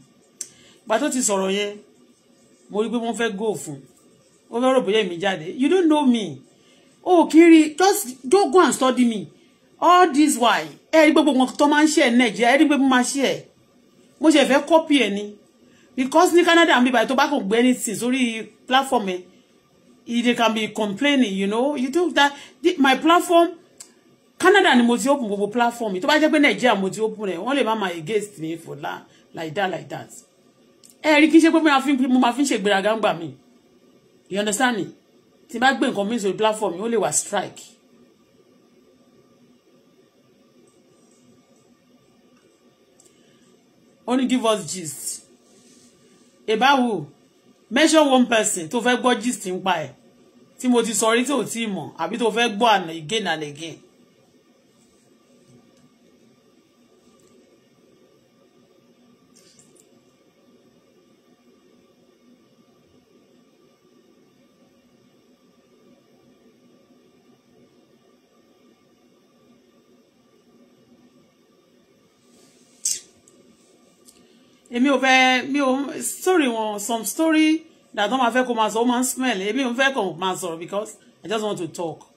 gbà tó ti sọ̀rọ̀ yẹn mo rí pé wọ́n fẹ́ gò fún ó fẹ́ rò bóyá èmi jáde you don't know me o oh, kiri just go go and study me all this why ẹ rí gbogbo nǹkan tó máa ń ṣe ẹ nàìjíríà ẹ rí gbogbo máa ṣe ẹ mo ṣe fẹ́ copy ẹ ni because ní Canada mi báyìí tó bá kò gbé anything sórí platform ẹ they can be complaining you know you do that my platform Canada ni mo open gbogbo platform tó bá jẹ́ pé Nigeria mo open Only Mama against me for that, like that like that ẹ rí can't n ṣe pé mo máa fi ń me. you understand me tí n bá gbé nǹkan mi platform ó lè wà strike only give us gist about who Measure one person to fẹ́ gbọ́ gist nípa ẹ̀ tí mo ti sọ rí tó tí ì mọ̀ àbí tó fẹ́ gbọ́ àná again and again èmi ò fẹ́ mi ò story wọn some story that don ma fẹ́ kó ma sọ man smell èmi ò fẹ́ kàn ma sọ̀rọ̀ because i just want to talk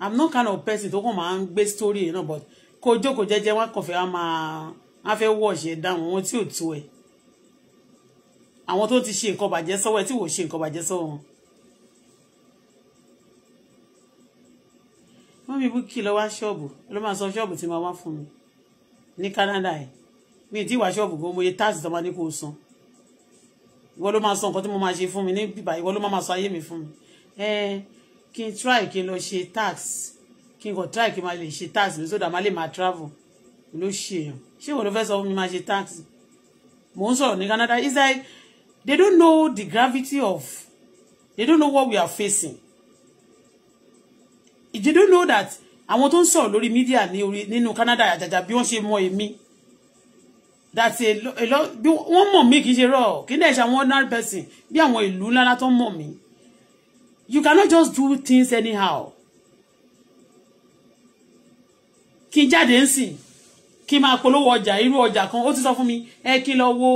i'm not kind of person to come and ń story you know. but kó jókòó jẹ́jẹ́ wọn kàn fẹ́ wọn máa wọn fẹ́ wọ̀ ṣe dáhùn wọn tí ò tó ẹ̀ àwọn tó ti ṣe nǹkan bàjẹ́ sọ́wọ́ ẹ̀ tí wò ṣe nǹkan bàjẹ́ sọ́wọ́ wọn. wọ́n mi bú kí lọ wá ṣọ́ọ̀bù ló máa sọ ṣọ́ọ̀bù tí máa wá fún mi ní Canada yìí mi ti wá ṣọ́ọ̀bù gan moye táàsì tó máa ní kó san ìwọ ló máa san nǹkan tí mo máa ṣe fún mi ní bíbá ìwọ ló máa sọ ayé mi fún mi ẹ kí try kí n lọ tax kí n try kí n máa lè tax mi sódà máa lè máa travel ló ṣe èèyàn ṣé ìwọ ló fẹ́ sọ mi máa ṣe tax mò ń sọ̀rọ̀ Canada it's like they don't know the gravity of they don't know what we are facing they don't know that àwọn tó ń sọ̀rọ̀ lórí mídíà ní orí nínú Canada àjàjà bí wọ́n ṣe mọ èmi that a, a lot bí wọ́n mọ̀ mí kì í ṣe rọ̀ kí ní ẹ̀ṣẹ̀ ordinary person bí àwọn ìlú ńlá tó mọ̀ mí you cannot just do things anyhow kí n jáde ń sìn kí n máa polówó ọjà irú ọjà kan ó ti sọ fún mi ẹ kí n lọ wo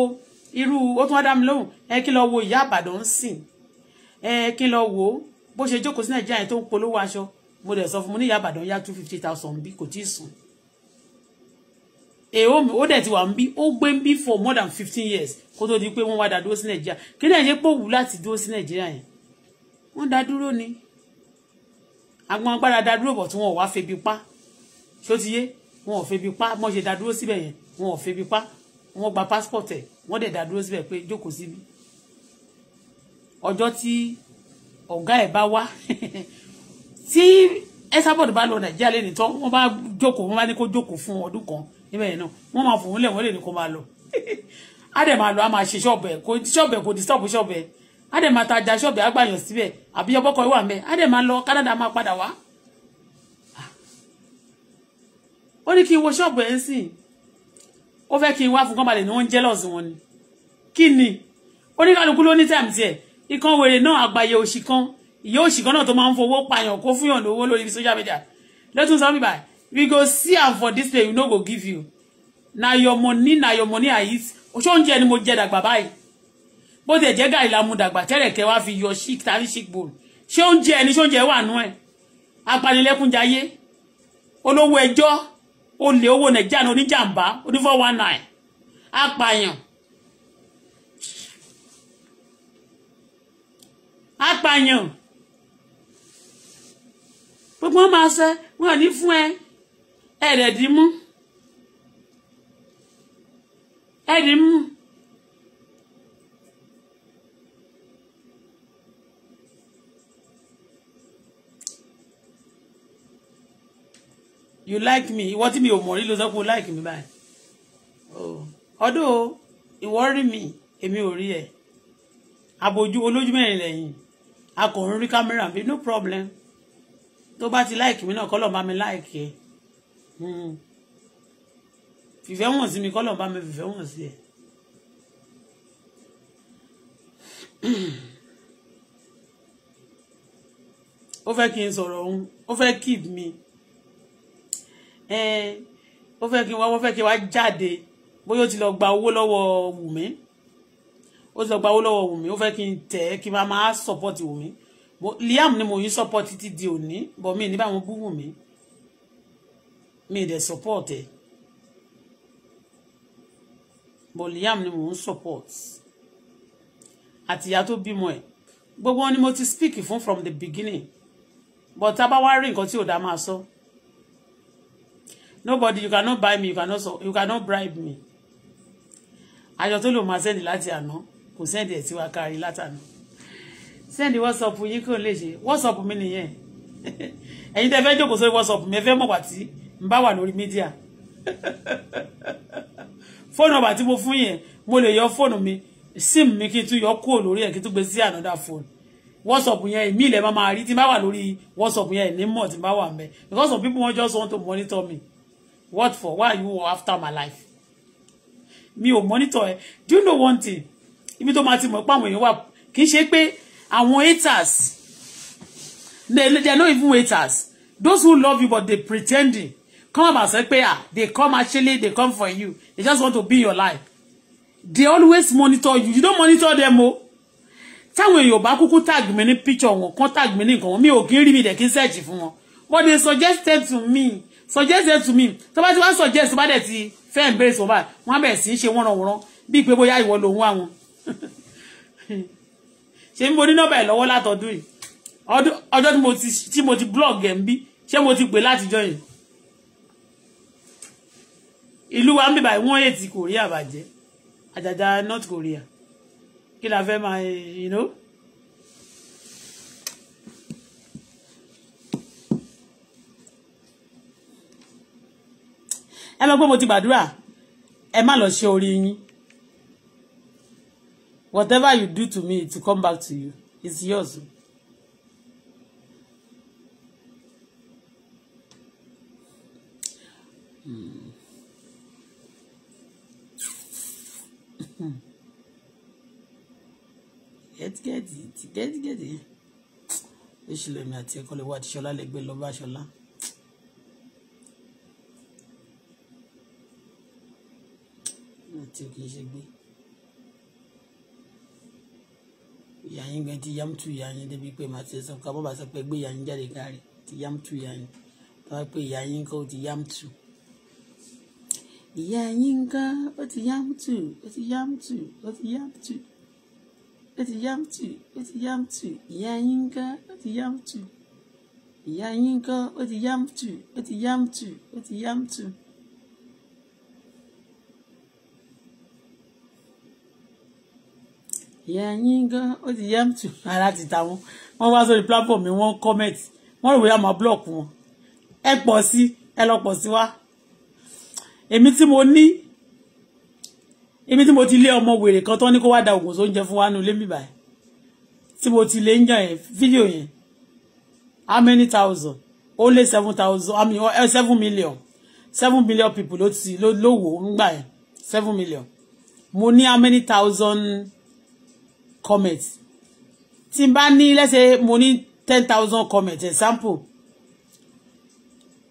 irú ó tún wá dá mi lóhùn ẹ kí n lọ wo ìyá àbàdàn ń sìn ẹ kí wo bó ṣe jókòó sí nàìjíríà yẹn tó ń polówó mo dẹ̀ sọ fún mo ní ìyá àbàdàn yá two fifty thousand bí kò tí èyí eh, ó dẹ̀ ti wà ń bí ó gbé ń bí for more than fifteen years kó tó di pé wọ́n wá dá dúró sí nàìjíríà kí náà ṣe pò wù láti dúró sí nàìjíríà yẹn wọ́n dá dúró ni agbọn agbára dá dúró bọ̀ tí wọ́n wá febi pa ṣó ti yé wọn ò febi pa mọ́ ṣe dá dúró síbẹ̀ yẹn wọn ò febi pa wọ́n gba passport ẹ̀ wọ́n dẹ̀ dá dúró síbẹ̀ pé jókòó síbi ọjọ́ tí ọ̀gá ẹ̀ bá wá [LAUGHS] tí ẹ sábọ̀dù bá lọ nàìjíríà lẹ́nìí tán wọ́n bá jókòó wọ́n bá ní kó jókòó fún ọdún kan níbẹ̀ yẹn náà wọ́n máa fòun lẹ̀ wọ́n lè ní kó máa lọ á [LAUGHS] dẹ̀ máa lọ á máa ṣe ṣọ́ọ̀bù ẹ̀ kò ṣọ́ọ̀bù ẹ̀ kò disturb ṣọ́ọ̀bù ẹ̀ á dẹ̀ máa tajà ṣọ́ọ̀bù ẹ̀ á gbàyàn síbẹ̀ àbí ọbọ̀kọ̀ wà mẹ́ á máa lọ Canada máa padà wá. Ah. ó ní kí n wo ṣọ́ọ̀bù ẹ̀ ń sìn ó fẹ́ kí n wá fún kán balẹ̀ ní wọ́n ń jealous wọn ni kí ni oníkálukú ló ní time tiẹ̀ ikán wèrè náà àgbàyẹ òṣì kan ìyá òṣì kan náà tó máa ń fowó pààyàn kó fúnyàn lówó lórí social media lẹ́tún sábà bíbá we go see am for this place we no go give you na your money na your money i eat oṣó oúnjẹ ni mo jẹ dàgbà báyìí bó ti jẹ gàrí la mu dàgbà tẹrẹkẹ wá fi yọ chic tàbí chic bowl ṣé oúnjẹ ẹni ṣé oúnjẹ wà nú ẹ apanilẹkúnjayé olówó ẹjọ́ olè owó nàìjíríà ní oníjàmbá oní four one nine apààyàn apààyàn gbogbo wọn máa ṣe wọn ò ní fún ẹ ẹ̀rẹ̀ dì mú ẹ̀rì mú. you like me ìwọ tí mi ò mọ̀ rí ló sọ pé o like me, báyìí oh. ọdún o ìwọ rí mi èmi ò rí ẹ abojú olójú mẹ́rin lẹ́yìn a kò ń rí kámẹ́rà bí no problem tó bá ti like mi náà kọ́ lọ́ọ́ bá mi like ẹ. Mm-hmm. fìfẹ́ wọ̀n sí mi kọ́lọ̀ bá mi fìfẹ́ wọ̀n sí ẹ̀. [CLEARS THROAT] ó fẹ́ kí n sọ̀rọ̀ òun ó fẹ́ keep mi ó fẹ́ kí n wá ó fẹ́ kí n wá jáde bóyá ó ti lọ gba owó lọ́wọ́ Wùmí ó ti lọ gba owó lọ́wọ́ Wùmí ó fẹ́ kí n tẹ̀ ẹ́ kí n máa support Wùmí Liam ni mo yín support títí di òní bọ̀ mí ní báwọn bú Wùmí mi dẹ̀ support ẹ̀ but Liam ni mò ń support àti ìyá tó bímọ ẹ̀ gbogbo ni mo ti speak fún from the beginning but tá a bá wá rí nǹkan tí ò dá máa sọ nobody you cannot buy me you cannot, so, you cannot bribe me ayọ̀ tó lò máa sẹ́ndì láti àná kò sẹ́ndì ẹ̀ tí wàá kárí látàná sẹ́ndì wọ́sọ̀pù yín kò lè ṣe wọ́sọ̀pù mi nìyẹn [LAUGHS] ẹ̀yin tẹ́ fẹ́ jókòó sórí wọ́sọ̀pù mi ẹ fẹ́ mọ̀ wá tí n bá wà lórí mídíà fóònù ọba tí mo fún yẹn mo lè yọ fóònù mi sim mi kí n tún yọ kúrò lórí ẹ̀ kí n tún gbé another phone whatsapp yẹn èmi ilẹ̀ máa máa rí tí n bá wà lórí whatsapp yẹn ní mọ̀ tí n bá wà mẹ́ because some people wan just want to monitor me what for why you after my life mi ò monitor ẹ do you know one thing ibi tó máa ti mọ̀ pé àwọn èèyàn wà kì í ṣe pé àwọn haters they they no even haters those who love you but they pretending Come up and say pay They come actually, they come for you. They just want to be your life. They always monitor you. You don't monitor them o. Oh. Táwọn èèyàn bá kúkú tag mi ní picture wọn, kan tag mi ní nǹkan wọn, mi ò kí ń rí mi dẹ̀ kí ń search fún wọn. But they suggested to me, suggested to me, tó bá ti wá suggest tó bá dẹ̀ ti fẹ́ ń bèrè sọ́ba, wọ́n á bẹ̀rẹ̀ sí í ṣe wọ́nranwọ́nran bíi pé bóyá ìwọ lòun àwọn. [LAUGHS] Ṣé ń bo ní nọ́mbà ẹ̀ lọ́wọ́ látọdún yìí? Ọjọ́ tí mo ti blog ẹ̀ ń bí, ṣé mo ti pè látijọ́ join? ìlú wa ń bèbà wọ́n ètì Korea bàjẹ́ àjàjà North Korea kí la fẹ́ máa you know. ẹ mọ̀ pé mo ti gbàdúrà ẹ má lọ ṣe orí yín whatever you do to me to come back to you it's yours. Hmm. tìkẹ́tìkẹ́tì tìkẹ́tìkẹ́tì yẹn oṣù lèmi àti ẹ̀kọ́ lè wá àtìṣọlá lè gbé lọ bá aṣọlá. àti òkè ṣe gbé ìyá yín gan ti yam tu ìyá yín débi pé màá ti sọ ká bọ́bà sọ pé gbé ìyá jáde kárí ti yam tu ìyá yín tọ́wọ́ pé ìyá kọ́ ti yam tu ìyá yín gan ó ti yam tu ó ti yam tu ó ti yam tu ti Yámtù ó ti Yámtù ìyá Yínká ó ti Yámtù ìyá Yínká ó ti Yámtù ó ti Yámtù ó ti Yámtù. ìyá Yínká ó ti Yámtù [LAUGHS] ara ti ta wọn wọn wá sórí platform mi wọn comment wọn rò wí àmọ́ block wọn ẹ pọ̀ sí ẹ lọ pọ̀ sí wa èmi tí mo ní èmi tí mo ti lé ọmọ wèrè kan tó ní kó wá da oògùn sóúnjẹ fún wa nù lé mi báyìí tí mo ti lé ń yàn yẹn fídíò how many thousand Only seven thousand i mean eh, seven million seven million people ló ti ló wò ó ń gbà seven million mo ní how many thousand comments tí n bá ní lẹ́sẹ̀ mo ní ten thousand comments example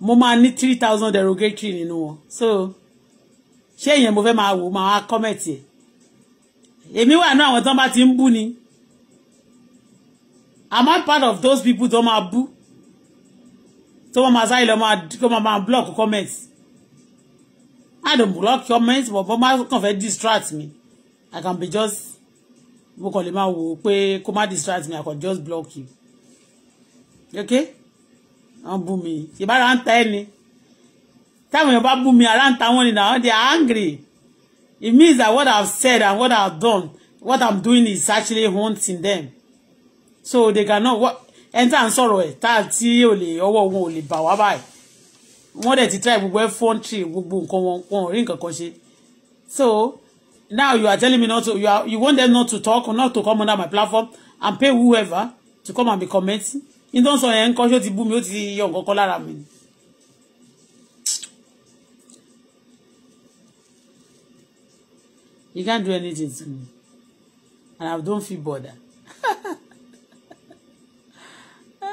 mo máa ní three thousand derogatory nínú wọn so ṣé ìyẹn mo fẹ́ máa wò máa kọ́mẹ̀tì ẹ̀ èmi wà ní àwọn tán bá ti ń bú ni am I part of those people tó máa bú tó máa máa sáré lọ máa kó máa máa block comment I don't block comment but mo máa kàn fẹ́ distract me I can be just mo kàn lè máa wò ó pé kó má distract me I can just block you okay wọ́n bú mi ìbára ń ta ẹni táwọn èèyàn bá bú mi ara ń now they are angry it means that what I've said and what I've done what I'm doing is actually haunting them so they cannot what enter and sorrow. ń sọ̀rọ̀ ẹ̀ tá àti olè ọwọ́ wọn ò lè bà wá báyìí wọ́n dẹ̀ try gbogbo ẹ̀fọ́ntì gbogbo nǹkan wọn wọn ò rí nǹkan kan ṣe so now you are telling me not to you, are, you want them not to talk or not to come under my platform and pay whoever to come and be comment. nítorí sọ yẹn ń kọ́ ṣé ó ti bú mi ó ti yọ nǹkan kan lára mi You can't do anything to me. And I don't feel bothered. [LAUGHS] I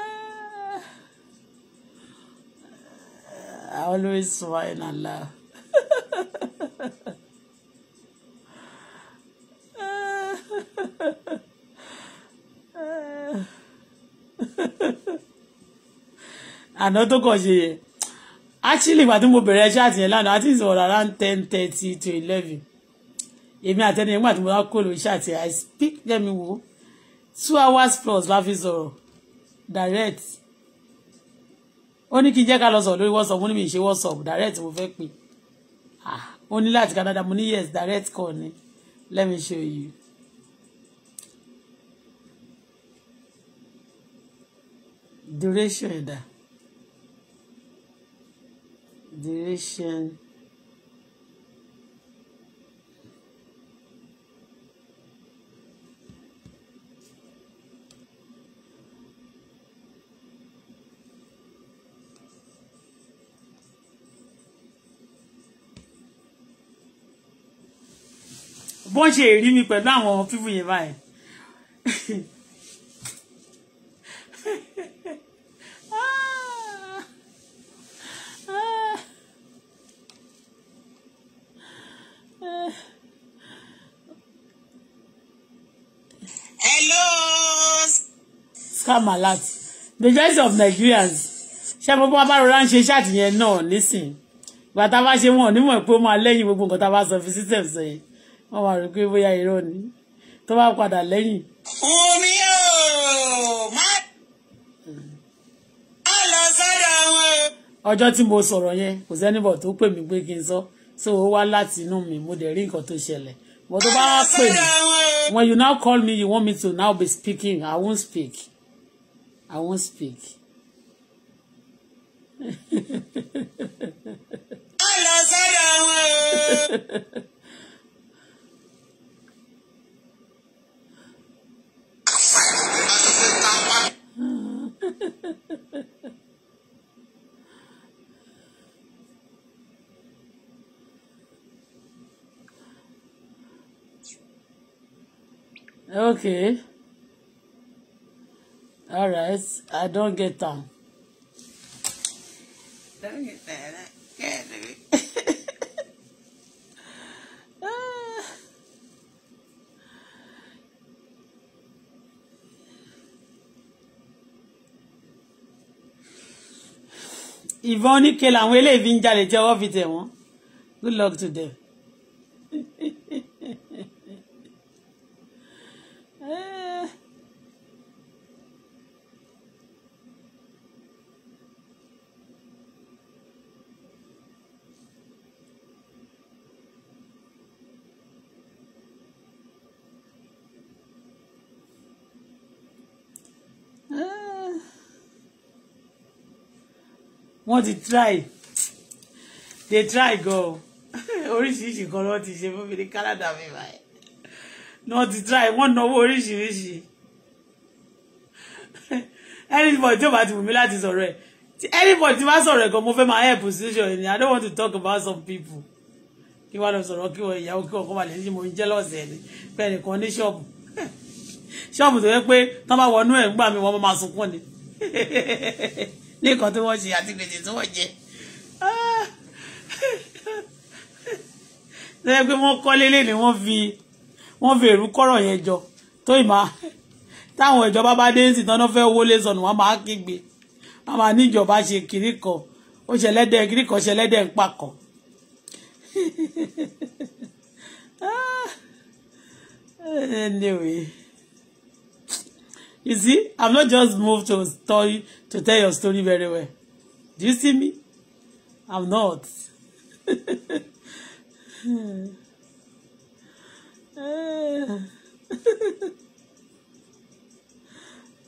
always smile and laugh. àná tó kàn actually I don't mo bẹ̀rẹ̀ ṣáàtì yẹn lánàá àti ìsọ̀rọ̀ around ten thirty to eleven èmi àtẹni ẹ̀gbọ́n àti mo bá kó lóṣà tí i speak lẹ́mi wo two hours plus la fi sọ̀rọ̀ direct ó ní kí n jẹ́ ká lọ sọ̀rọ̀ lórí whatsapp mo ní mi ṣe whatsapp direct mo fẹ́ pè ah, ó ní láti Canada mo ní yes direct call ni let me show you. duration ẹ̀dá duration. bọ́n ṣe rí mi pẹ̀lú àwọn fífún yẹn báyìí hello. scam alert majority of Nigerians ṣé gbogbo abárora ń ṣe ṣáàtì yẹn náà nísìnyí gbàtà bá ṣe wọn ò ní mọ̀ pé ó máa lẹ́yìn gbogbo nǹkan tá a bá sọ fi system sọ wọ́n máa rò pé bóyá irọ́ ni tó bá padà lẹ́yìn. omi ooo má lọ sọ́dọ̀ wọn. ọjọ́ tí mo sọ̀rọ̀ yẹn kò sẹ́nìbọ̀ tó pè mí pé kí n sọ so ó wá láti inú mi mo dẹ̀ rí nǹkan tó ṣẹlẹ̀ but tó bá pè mí when you now call me you want me to now be speaking i won't speak i won't speak. má lọ sọ́dọ̀ wọn [LAUGHS] [LAUGHS] okay all right i do get get am. ìbọn oníke làwọn eléyìí fi ń jalè tí ọwọ́ fi tẹ̀ wọ́n good luck to them. wọ́n ti try they try gan oríṣiríṣi kan ló ti ṣe fún mi ní Canada mi báyìí wọ́n ti try wọ́n náwó oríṣiríṣi anybody tí ó bá ti wù mí láti sọ̀rọ̀ ẹ̀ anybody tí bá sọ̀rọ̀ ẹ̀ gan mo fẹ́ máa help situation ni I don't want to talk about some people kí wàá lọ sọ̀rọ̀ kí wọ́n ìyàwó kí wọ́n kọ́ balẹ̀ ní mo ń jẹ́ lọ́sẹ̀ ni bẹ́ẹ̀ nìkan ní ṣọ́ọ̀bù ṣọ́ọ̀bù tó yẹ pé tán bá wọnú ẹ̀ ń gbà mí wọ́n máa sunkún ni [LAUGHS] ní nǹkan tó wọ́n ṣe àti gbèsè tó wọ́n jẹ lẹ́yìn ah. pé wọ́n kọ́ lélẹ̀ ni wọ́n fi wọ́n fi èrú kọ́rọ̀ yẹn jọ tó ìmá táwọn ìjọba bá dé sí tán náà fẹ́ wọlé sọnù wọn máa kígbe wọn máa níjọba ṣe kiri kan ó ṣe lẹ́dẹ̀ kiri kan ṣe lẹ́dẹ̀ ń pakọ̀ [LAUGHS] ah. anyway. You see, I'm not just moved to story to tell your story very well. Do you see me? I'm not.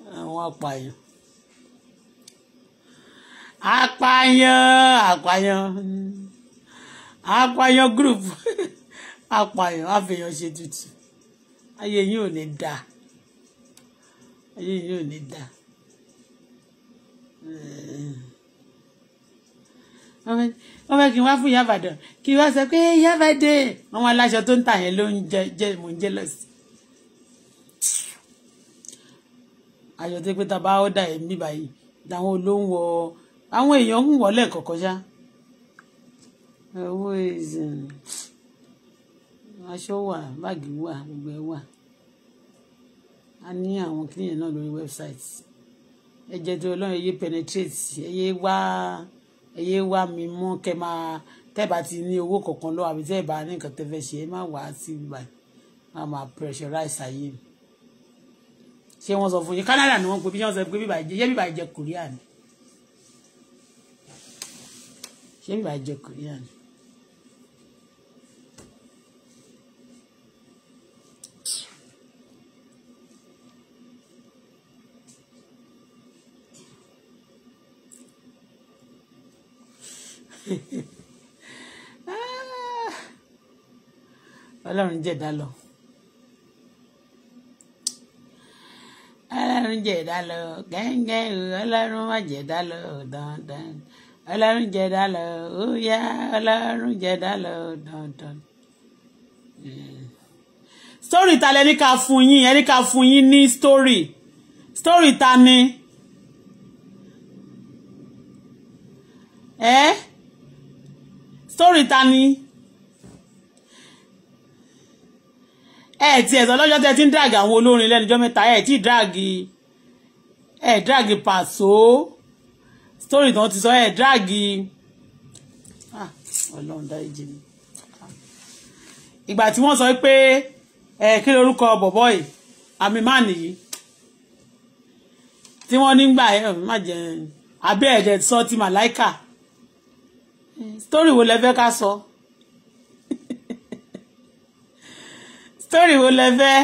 àwọn apààyàn apààyàn apààyàn apààyàn group [LAUGHS] apààyàn àfẹyàn ṣe tutù ayé yín ò ní da? ayé yìí ní dà wọ́n fẹ́ kí n wá fún ìyá àbàdàn kí n wá sọ pé ìyá àbàdé àwọn aláṣọ tó ń tà yẹn ló ń jẹ mò ń jẹ lọ sí. ayọ̀ tó pé ta bá ọ́dà ẹ̀ mí báyìí làwọn olóńwọ̀ àwọn èèyàn ń wọlé kọ̀ọ̀kan ṣá. owó ìsìn um, aṣọ wà báàgì wà gbogbo ẹ wà a ní àwọn kílíyàn náà lórí website ẹ jẹ́ tó ọlọ́run ẹ yé penetrate ẹ yé wá ẹ yé wá mi mọ́ kẹ́ máa tẹ́ẹ̀bà ti ní owó kọ̀ọ̀kan lọ́wọ́ àbí tẹ́ẹ̀bà ní nǹkan tẹ́ fẹ́ ṣe ẹ má wá sí ibà má máa pressurize ayé mi ṣé wọ́n sọ fún yín Canada ni wọ́n pe bí wọ́n sọ pé bíbà jẹ́ yé bíbà jẹ́ Korea ni ṣé bíbà jẹ́ Korea ni. [LAUGHS] Ah! ọlọ́run jẹ̀dá lọ ọlọ́run jẹ̀dá lọ gẹ́gẹ́ ọlọ́run má jẹ̀dá lọ dandan ọlọ́run jẹ̀dá lọ óyá ọlọ́run jẹ̀dá lọ dandan. Hmm. story ta lẹ́ni ká fún yín ẹni ká fún yín ní story story ta ni. Eh? story ta ni ẹ ti ẹ̀sọ́ lọ́jọ́ tẹ́ ti ń drag àwọn olórin lẹ́nujọ́ mẹ́ta ẹ ti drag ẹ drag pàṣọ story tán ti sọ ẹ drag ah, ọlọ́run dáríjì mi ìgbà tí wọ́n sọ pé ẹ kí lorúkọ bọ̀bọ́ yìí àmì má nìyí tí wọ́n nígbà ẹ má jẹ abẹ́ ẹ̀dẹ̀ sọ ti màláìkà story wo lẹ fẹ́ ká sọ story wo lẹ fẹ́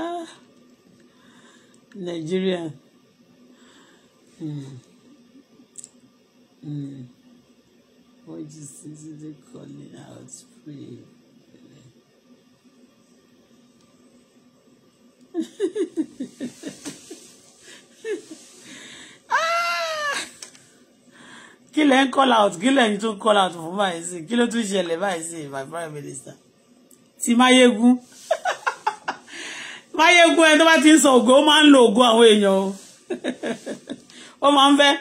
ah, Nàìjíríà. Mm. Mm. What Jesus is calling out, free? Ah! kí lẹ́ ń call out kí lẹ́yìn tó ń call out fún báyìí sí kí ló tún ṣẹlẹ̀ báyìí sí my prime minister ti máyégún máyégún ẹni tó bá ti ń sọ ògo ó máa ń lo ògo àwọn èèyàn o ó máa ń fẹ́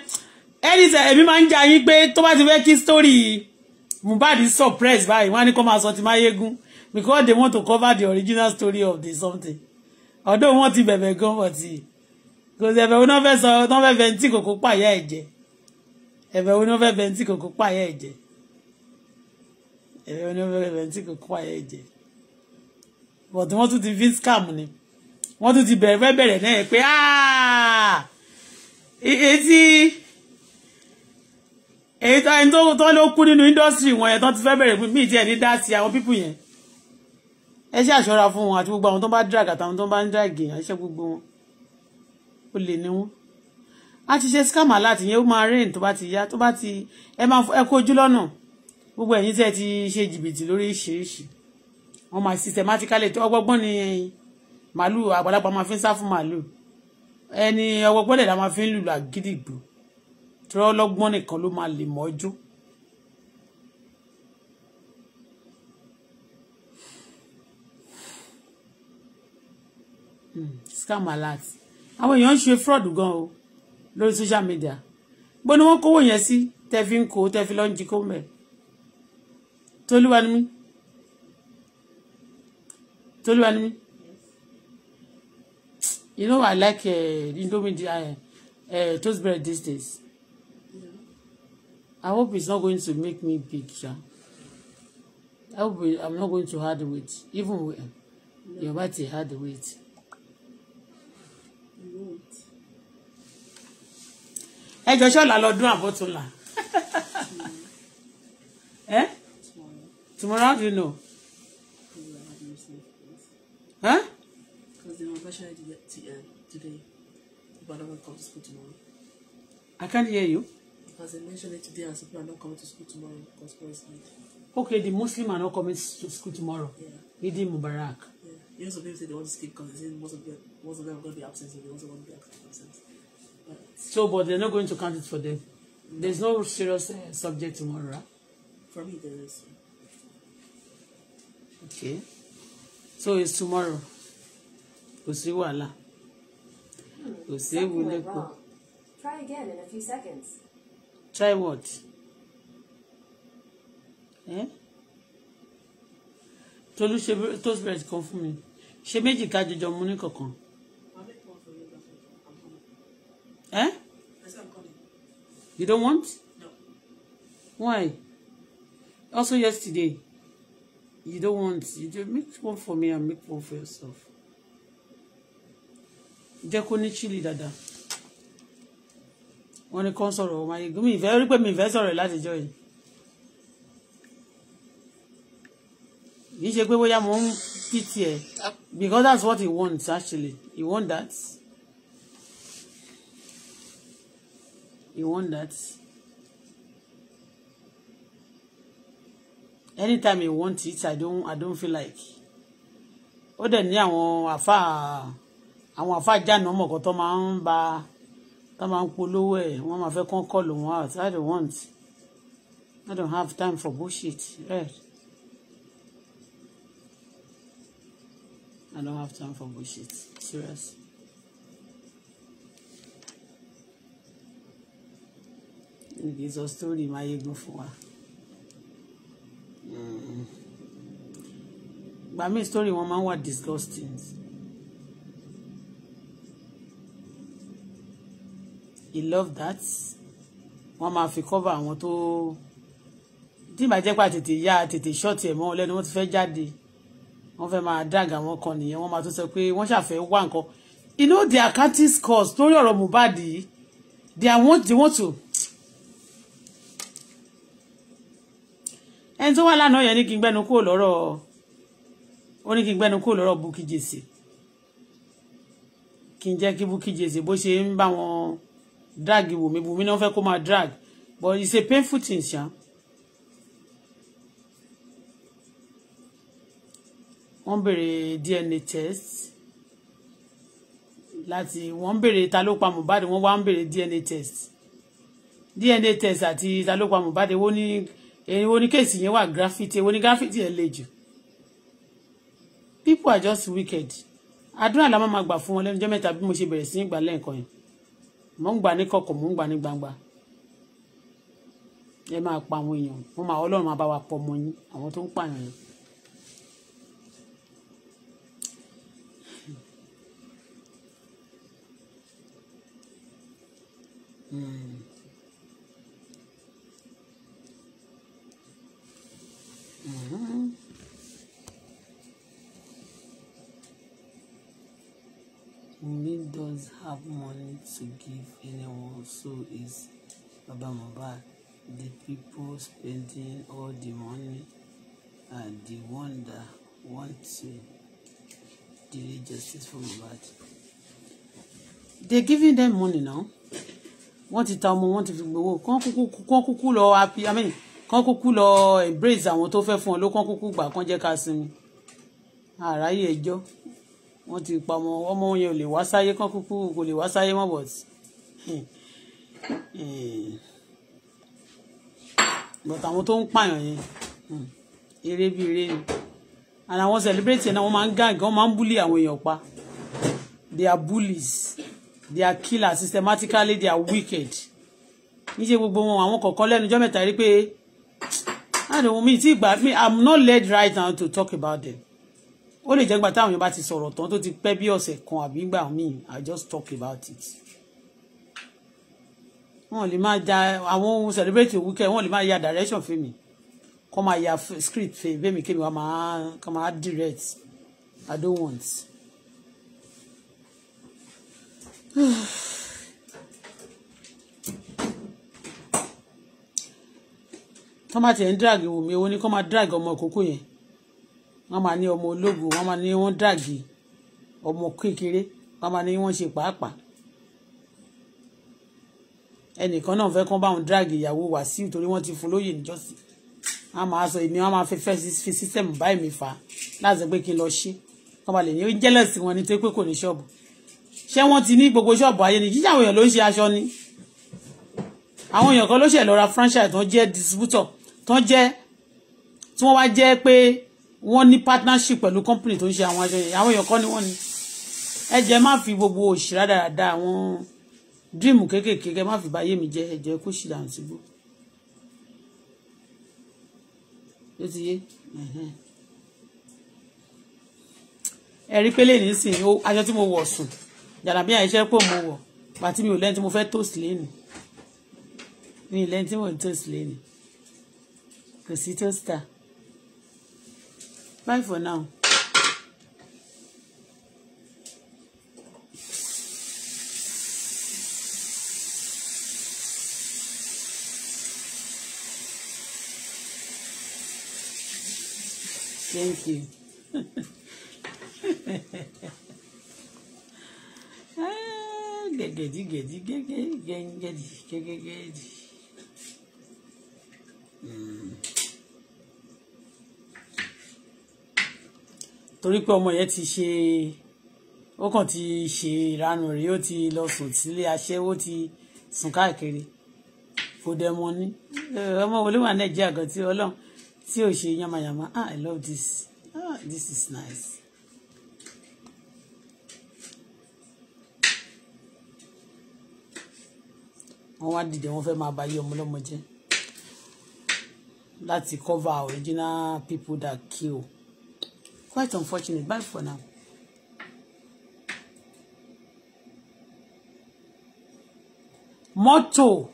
ẹni tẹ èmi máa ń jẹ ayín pé tó bá ti fẹ́ kí story Mohbad suppress báyìí wọ́n á ní kó máa sọ ti máyégún because they want to cover the original story of the something ọ̀dọ̀ wọn ti bẹ̀bẹ̀ gan wọ̀ tí kò sí ẹ̀bẹ̀ oná fẹ́ sọ tán fẹ́ fẹ́ tí kòkó pààyà ẹ̀ jẹ ẹ̀bẹ̀ oná fẹ́ fẹ́ tí kòkó pààyà ẹ̀ jẹ ẹ̀bẹ̀ oná fẹ́ fẹ́ tí kòkó pààyà ẹ̀ jẹ but wọ́n tún ti fi scam ni wọ́n tún ti bẹ̀rẹ̀ fẹ́ bẹ̀rẹ̀ náà pé ah! e-, etí èyí tó ló kú nínú indọ́sítírì wọn yẹn tán ti fẹ́ bẹ̀rẹ̀ mí ìdí ẹ̀ ní dá sí àwọn pípù yẹn ẹ ṣe àṣọra fún wọn àti gbogbo àwọn tó bá drag àtàwọn tó bá ń drag àṣẹ gbogbo wọn ó lè ní wọn a ti ṣe scam aláàtì yẹn ó máa rain tó bá ti yá tó bá ti ẹ máa ẹ kó ojú lọ́nà gbogbo ẹ̀yin tẹ́ ti ṣe jìbìtì lóríṣiríṣi wọn máa systematically tó ọgbọ́gbọ́n ni màálù àgbàlagbà máa fi ń sá fún màálù ẹni ọgbọ́gbọ́n lẹ̀ la máa fi ń lùlù àgídìgbò tí wọ́n lọ́gbọ́n nìkan ló máa lè mọ́jú Hmm, scam alert àwọn èèyàn ń ṣe fraud gan o lórí social media bó ni wọ́n kówó yẹn sí tẹ́ fi ń kó tẹ́ fi lọ ń jí kó mẹ́ tolúwa ni mí tolúwa you know I like uh, indomie uh, uh, toast bread these days I hope it's not going to make me big ja I hope I'm not going to hard weight even when no. you're about hard weight. ẹjọ ṣọlá lọdún àbọtúnla ẹ [LAUGHS] eh? tomorrow how do you know. Huh? Because they were professional uh, today. People are not going to school tomorrow. I can't hear you. Because they mentioned it today and some people are not coming to school tomorrow because school is late. Okay, the Muslim are not coming to school tomorrow. Yeah. Eid Mubarak. Yeah. Even some people say they want to skip because they say most of them, most of them are going to be absent, so they also want to be absent. So, but they're not going to count it for them. There's no serious uh, subject tomorrow, right? For me, there is. Okay. So it's tomorrow. Kò sí wàhálà. Kò sí ewu lẹ́kọ̀ọ́. Try again in a few seconds. Try what? Eh? Tolu ṣe toast bread kan fún She made méjì ká jọjọ mú ní Eh? I said I'm coming. You don't want? No. Why? Also yesterday, you don't want. You just make one for me and make one for yourself. Jẹ́ kó ní chili dáadáa. Wọ́n ní kán sọ̀rọ̀ my ayé very good rí pé mi ìfẹ́ sọ̀rọ̀ láti jọ yìí. Kì í ṣe ah. because that's what he wants actually. He want that. You want that? Anytime you want it, I don't, I don't feel like. Ó dẹ̀ ní àwọn àfa àwọn àfa jáàna ọmọ kan tó máa ń ba tó máa ń polówó ẹ̀ wọ́n máa fẹ́ kán kọ́ọ̀lù wọn out. I don't want. I don't have time for bullshit. Right? Eh. I don't have time for bullshit. Serious. nìkì sọ sítórì máyégún fún wa gbà mí story, wọn máa ń wà disgusting he love that wọn máa fi cover àwọn tó tí ìbàjẹ́ pa tètè yá tètè ṣọ́ọ̀tì ẹ̀ mọ́ wọn lẹ́nu wọn ti fẹ́ jáde wọn fẹ́ máa dàgà wọn kan nìyẹn wọn máa tún sọ pé wọ́n ṣàfẹ́ wá nǹkan you know their accounting scores lórí ọ̀rọ̀ Mohbad yìí they want they want to. ẹni tó wà lánàá yẹn ní kí n gbẹnu kúrò lọ́rọ̀ ó ní kí n gbẹnu kúrò lọ́rọ̀ Bukky Jesse kí n jẹ́ kí Bukky Jesse bó ṣe ń bá wọn drag Wùmí Wùmí náà fẹ́ kó máa drag but it's a painful thing ṣá. wọ́n béèrè DNA test láti wọ́n béèrè ta ló pa Mohbad wọ́n wá ń béèrè DNA test DNA test àti ta ló pa Mohbad wọ́n ní èwo eh, ni kéèsì yẹn wà graffiti èwo ni graffiti yẹn le jù people are just wicked àdúrà la máa gbà fún wọn lẹ́nu jẹ́ mẹ́ta bí mo ṣe bẹ̀rẹ̀ sí í gbà lẹ́ẹ̀kan yẹn mò ń gbà ní kọ̀kọ̀ mò ń gbà ní gbangba ẹ máa pa àwọn èèyàn wọn máa ọlọ́run máa bá wa pọ̀ mọ́ yín àwọn tó ń pààyàn yẹn. Mm. Mm-hmm. Wunmi does have money to give anyone, so is Baba Mohbad. The people spending all the money are the one that want to delay justice for Mohbad. They're giving them money now. Wọ́n ti ta ọmọ wọn ti fi gbowó kán kúkú kán kúkú lọ happy I mean kán kúkú lọ embrace àwọn tó fẹ́ fún ọ ló kán kúkú gbà kán jẹ́ ká sinmi àráyè ẹjọ́ wọ́n ti pa ọmọ ọmọ yẹn ò lè wá sáyé kán kúkú kò lè wá sáyé mọ́ but hmm, hmm. but àwọn tó ń pààyàn yẹn hmm, eré bí eré ni and àwọn celebrate yẹn náà wọ́n máa ń gàǹgàn wọ́n máa ń búlì àwọn èèyàn pa they are bullies they are killers systematically they are wicked níṣẹ́ gbogbo wọn àwọn kọ̀ọ̀kan lẹ́nu jọ́ mẹ́ta rí pé I don't mean tí but me. i'm not led right now to talk about them Only lè about gbà táwọn èèyàn bá ti sọ̀rọ̀ tán tó ti pẹ́ bí ọ̀sẹ̀ kan àbí gbà mí i just talk about it Only my máa I àwọn ohun celebrate weekend wọn lè máa ya direction fún mi kọ́ máa ya script for me. Come mi wá máa kọ́ máa direct i don't want. [SIGHS] [SIGHS] wọ́n máa tiẹ̀ ń drag Wùmí owó ní kọ́ máa drag ọmọ ìkókó yẹn wọ́n máa ní ọmọ ológo wọ́n máa ní wọ́n drag ọmọ kékeré wọ́n máa ní wọ́n ṣe pàápàá ẹnìkan náà fẹ́ kán bá wọn drag ìyàwó Wàsíù torí wọ́n ti fún lóyè níjọ́sí wọ́n máa sọ èmi wọ́n máa fẹ́ fẹ́ fi system báyìí mi fà á láti pé kí n lọ ṣe wọ́n balẹ̀ ní jẹ́lẹ̀sì wọn ni tó pé kò ní ṣọ́ọ̀bù ṣé wọ́n ti ní gbogbo ṣọ́ọ̀bù ayé ni jíjà àwọn èèyàn ló ń ṣe aṣọ ni àwọn èèyàn kan ló ṣẹ̀ lọ franchise tó jẹ́ distributor tán jẹ́ tí wọ́n wá jẹ́ pé wọ́n ní partnership pẹ̀lú company tó ń ṣe àwọn aṣọ yẹn àwọn èèyàn kọ́ ni wọ́n ni ẹ jẹ́ má fi gbogbo òṣìṣẹ́ dáadáa àwọn dream kéékèèké kẹ́ má fi báyé mi jẹ́ ẹ̀jẹ̀ kó ṣì dànù sígbó. ló ti yé ẹ rí pé lẹ́yìn nísìn aṣọ tí mo wọ̀ sùn jàdàbí àìṣẹ́ pò mo wọ̀ pàtí mi ò lẹ́yìn tí mo fẹ́ tòsí lẹ́nu ní ìlẹ́yìn tí mo ń tòsí lẹ́nu kò sí tóstà bye for now. Thank you. [LAUGHS] Ah, gẹ̀gẹ̀dì gẹ̀dì gẹ́gẹ́ gẹ́gẹ́dì gẹ́gẹ́gẹ́dì. torí pé ọmọ yẹn ti ṣe ó kàn ti ṣe ìranù rèé ó ti lọ sùn sílé aṣẹ́wó ti sùn káàkiri kò dẹ̀ mọ́ ní ọmọ olúwa nàìjíríà gan tí ọlọ́run tí ò ṣe yamayama ah i love this ah this is nice. wọ́n wá dìde wọ́n fẹ́ máa bà yí ọmọ ọlọ́mọ jẹ́ láti cover original people that kill. Quite unfortunate. Bye for now. Motto.